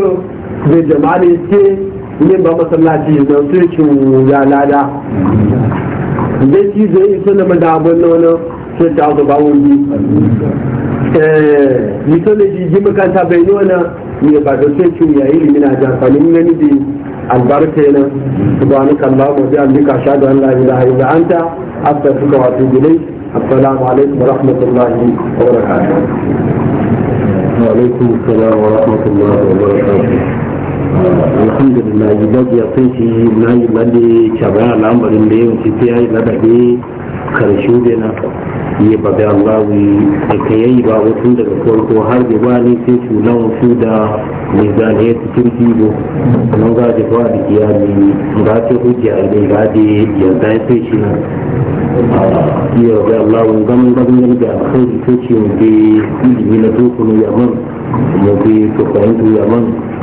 da jama'a ce yin ba masallaci da su ci ya lada da ci zai iso na madabon nono sai ta ba wani mythology ji makanta bai nuna ne ba da sai cin yayi limin a jamfanin gani da albarka yana subhanaka allahumma wa bihamdika ashhadu an la ilaha illa anta astaghfiruka wa atubu ilayk assalamu alaikum wa rahmatullahi wa barakatuh wa alaikum assalam wa rahmatullahi wa barakatuh alhamdulillah idan ya kai shi na yi lade cabaya lambarin da yau ci ta yi ladabe karshe karshen ya baga Allah da ka yayi ba tun daga farko har da ba ne sai shulan wasu da mizan ya kirki kibo nan ga da ba da iyali ba ta kuke a dai ga da yarda ya sai shi na ya baga Allah gamin gamin da alkhairi sai ce ya ilimi na dokunu yaman mu bi to fahimtu yaman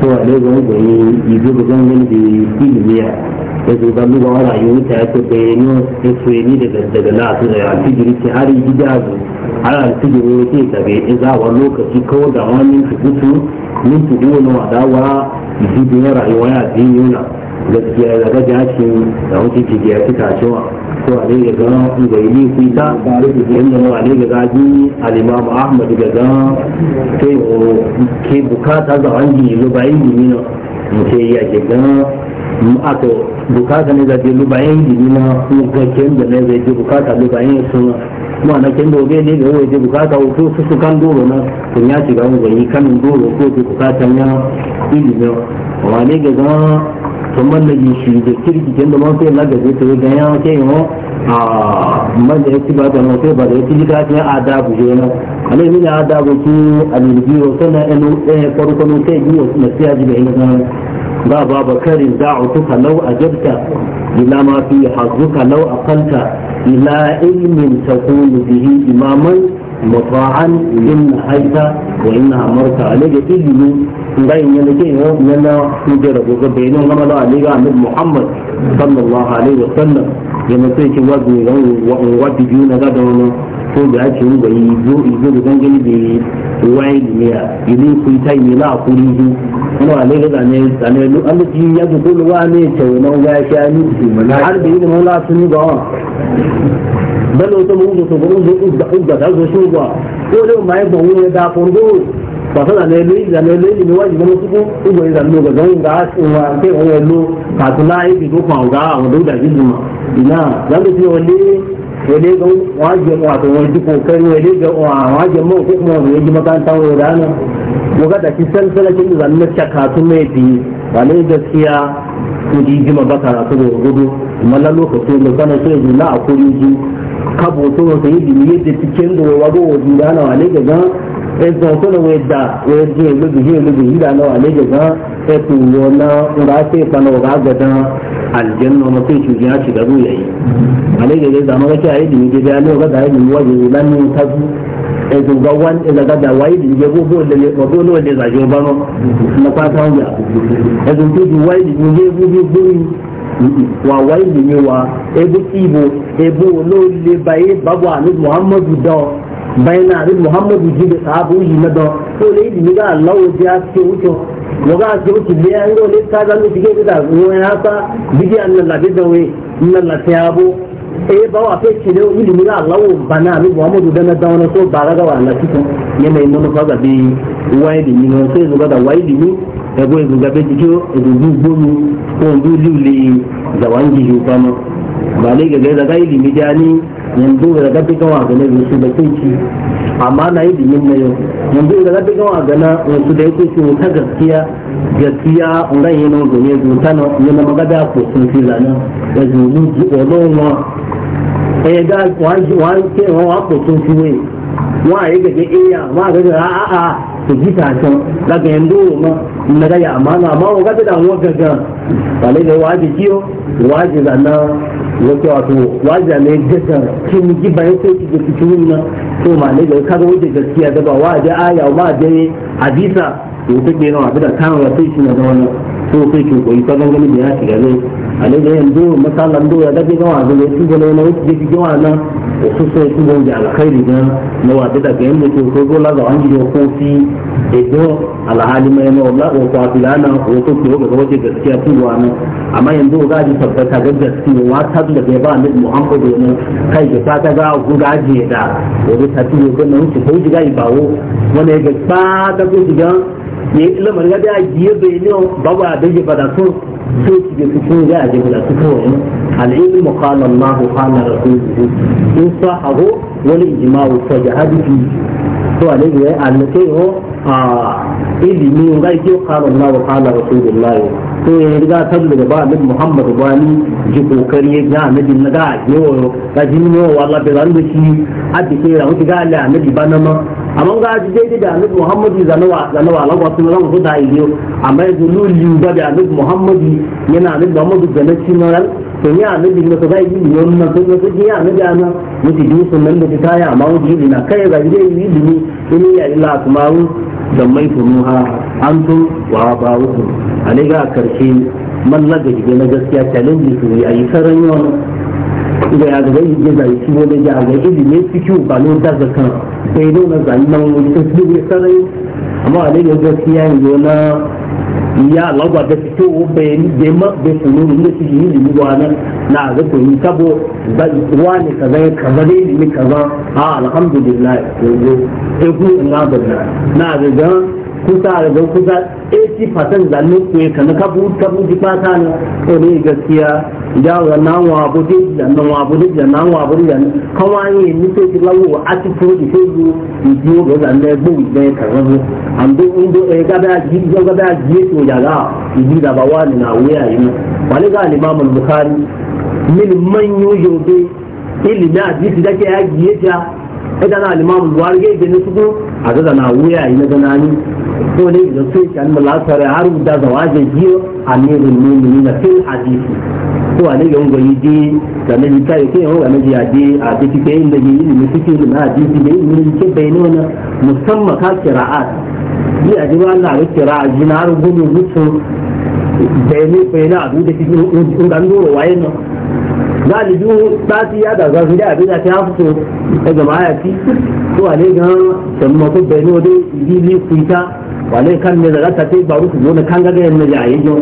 cewa ne ga wanda ya yi zuba gangan da ya ya zuba luga wani ayyuka ya ce bayani ya soyani daga daga na su da alfijiri ce har yi jazu har alfijiri ya ce tabe in za wa lokaci ko da wani minti hutu minti biyu na wadawa zuba rayuwa ya biyu na gaskiya da ga jashi da wuce cikin ya fita cewa ko a daga ga gaili kuita inda ma a daga ga ji alimamu ahmadu ga ga kai ke bukata ga an yi lubayin mu na yi a ke ga aka bukata ne ga ji lubayin dini na ga ken da ne zai ji bukata lubayin suna kuma na ken da obe ne ga wai ji bukata ko su su kan doro na kun ya shiga wani kanin doro ko ji bukatan ya ilimin wani ga to man na yi shi da kirki kin da man sai la gaje to ga ya ke yi a man da yake ba da no ba da yake da ne adabu je na ale ni da adabu ki alilbi wa sana enu eh farko no sai yi wasu nasiya ji da ina ba ba bakarin da'utuka law ajabta ila ma fi hazzuka law aqalta ila ilmin taqulu bihi imaman مطاعا إن حيث وإن أمرت عليك إذن غير يلكي يلا يجرب وقبينه لما لا عليك عن محمد صلى الله عليه وسلم يمسيك وزن وابدجون غدا ونو ko bi yi ba yi zo izo da gangani da wayi duniya idan ku ta yi la ku kuri zu kuma ne da zane zane lu ya ga ko wa ne ce wannan ga sha ni har yi mun la ni ba wa bal to mun zo ko mun zo da ku da zo shi ba ko le mai ba wuri da fongo ba sana ne lu da ne lu ne waji mun su ko ko da ga zan ga su wa ke wani lu ka tuna yi ko ko ga wa da ji ina zan ji wani wale ga waje wato wani kokari wale ga waje mu ko kuma wani ji makaranta wani rana daga da ki san sana kin zanna chaka su mai bi wale gaskiya ko ji ji mabaka su da gudu mallan lokaci ne kana sai ji na akuri ji kabo to sai ji ne da cikin da wago wani rana wale ga ẹ̀sùn ọ̀tọ́lọ̀ wẹ̀ dà wẹ̀ di ẹ̀lóbi yìí ẹ̀lóbi yìí dáná àlejò gan ẹ̀sùn wọ̀ náà ńlá tẹ̀ ìpanu ọ̀gá gbẹ̀dán àlìjẹ́nu ọmọ tó ìṣù yẹn àti ìdádó yẹ̀ àlejò gẹ̀ẹ́sì àmọ́ kẹ́kẹ́ ayé dìní jẹjẹ alẹ́ ọ̀gá dàáyé dìní wáyé lánà tábú ẹ̀sùn gba wá ẹ̀dàgàdà wáyé dìní jẹ gbogbo olóòlẹ̀ làjọ bá wọn nípa táwọn yà ẹ̀sùn wa wáyé dìní wa ebú tìbò ebú olóòlẹ̀ báyé bábọ̀ àní muhammadu dán bayna abin muhammadu ji da sahabu yi na don ko da yi ga allah a ce wuce da ya yi wani ta zan wuce ke da ruwa ya sa an da eh, ba wa ga allah bana abin da na da wani so ba ga wa na cikin yana yi manufa ga wai ne da wai ko ndu ba ba ni yanzu da gaɗi kan wa gane su da kai ci amma na yi dimin na yau yanzu da gaɗi kan wa gana wasu da yake ci ta gaskiya gaskiya ngan yi na gane su na yi na magada ko sun fi lana da zuru ji olon wa ɗaya ga wa ke wa ko sun fi wai wa yi gaɗi iya ma gaje a'a to ji ka can daga yanzu ma na ga ya amana amma wa gabe da wa gaga bale da waje kiyo waje da na wato wato waje ne gaga kin ji bayan sai ki ji cikin na to ma ne da kaga waje gaskiya da ba waje aya ma da hadisa to take nawa da kan wa sai shi na da wannan to sai ki koyi sanan gani da ya shiga zai ale de ndo masala ndo ya dabe gawa zo su gane na wuce ji gawa na da su sai su gonja alkhairi da na wa da ga yanda to ko gola ga wani da ko fi da do alhali mai na wala ko kwa filana ko ko ko ga wace gaskiya su wa na amma yanzu ga ji tabbata ga gaskiya wa ta da ga ba ne muhammadu ne kai ga ta ga guda ji da ko ta ci ga nan ci ko ji ga ba wo wani ga ba da ko ji ga ye lamar ga da giye bai ne ba ba da ji bada so so ki da su kun ga ji bada su ko al ilm qala allah qala rasuluhu in sahahu wal ijma'u fa jahadu fi to alai ya annake ho a ilimi ga ji qala allah qala rasulullahi to ya riga san da ba annabi muhammadu bani ji kokari ya ga annabi na ga yewo ga jin ne wallahi da ran da shi a dike ra wuce ga annabi ba na ma amma ga ji dai da annabi muhammadu zanawa zanawa lan wasu lan wasu da yiyo amma yanzu lulu ba da annabi muhammadu yana annabi muhammadu da na cimaran to ni annabi ne to zai yi miliyon nan to to ji annabi ana mutu ji nan da ta ya amma wani na kai ga dai daidai yi dini in ya Allah kuma da mai furuha antum wa ba'ukum ani ga karshe man da na gaskiya challenge su yi ayi saran da ya zaga yi zai ki wani ya ga ili ne fiki ba ne da zaka bai nuna zayi nan wani ta su ne sarai amma a ne gaskiya ne na ya lagwa da fito bai bai ma bai funo ne su yi ilimi wani na ga to yi kabo ne kaza ya kaza ne ilimi kaza a alhamdulillah yanzu sai ku ina na ga kusa da kusa 80% da nan kuwa kana kabu kabu ji fata ne to ne gaskiya da wannan wa bude da nan wa bude da nan wa bude da kawai ne ni sai ji lawo a ti ko di sai ji ji go da ne bu ne kaza bu an do in do ga da ji ga da ji to ya ga ji da ba wani na wuya yi wani ga al-imam al-bukhari min man yujubi ilmi hadisi da ke ya ji ta idan na limamu warge da na fito a ga na wuya ina na nani ko ne da sai kan mala tare har da zawaje jiyo amirul na fil hadisi ko ne yon goyi di da ne ta yi ke ho ne ya di a diki ke inda yi ne suke na hadisi ne ne ke bayani na musamman ka qira'at ni a jiwa Allah ga qira'a jinar gumu mutu bayani bayani abu da kike in dan doro waye galibi ba su ya da zafi da abin da ta fito daga ma'ayaci ko a ne ga samu mafi bayani wajen ili kuita wale kan ne daga ta te ku ne kan gaga ne ya yi jo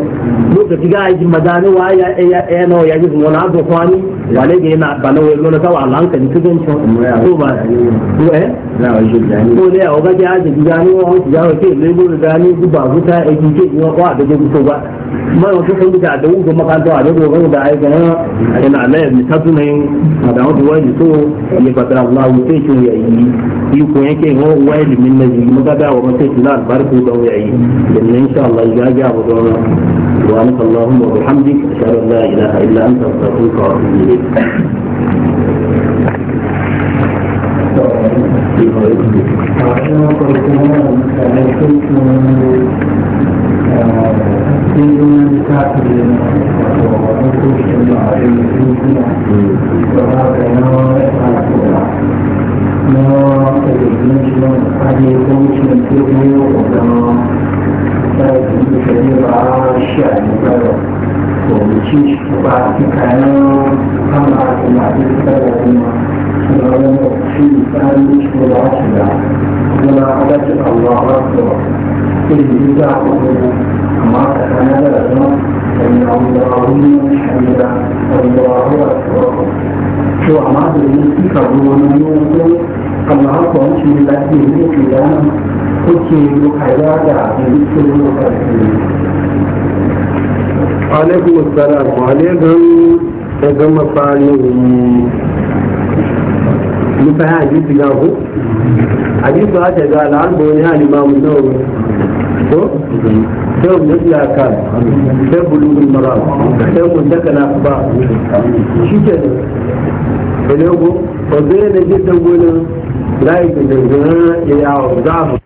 lokaci ga yi madani wa ya ya no ya yi mo na kwani wale ga na bana we lo ta walan kan ku gon cho to ba to eh na yi dani to ne o ga ya ji dani wa o ja ke le go dani ku ba ku ta e ke ni wa da ku ba ma o ko ku da da u go makan a da go go da ai ga ina ne mi ta tu ne ma da wa ni to ni ba da Allah ku te ya yi yi yake ho wa ni min ne ma da wa ma te na albarku أبوه ويعي إن شاء الله يجاجع وضعنا سبحانك اللهم وبحمدك أشهد أن لا إله إلا أنت أستغفرك وأتوب إليك Thank 那这里面是用它的工具做的，我们在平时肯定把选的我们去把去看看它是哪里出来的嘛，是哪里的去哪里出哪去的，那那是阿拉那个，这里家伙他妈的看那个什么，人家我们老公选的，我们老公说，说阿妈的，你搞不弄弄弄。kamar haka wani shi da ke yi ke da kuke da yi alaikum assalam alaikum gama fari ga ta ga ya ka mara mun daga ba shi ke da zai láì gbèdégbè ìyá ọ̀gá àbọ̀.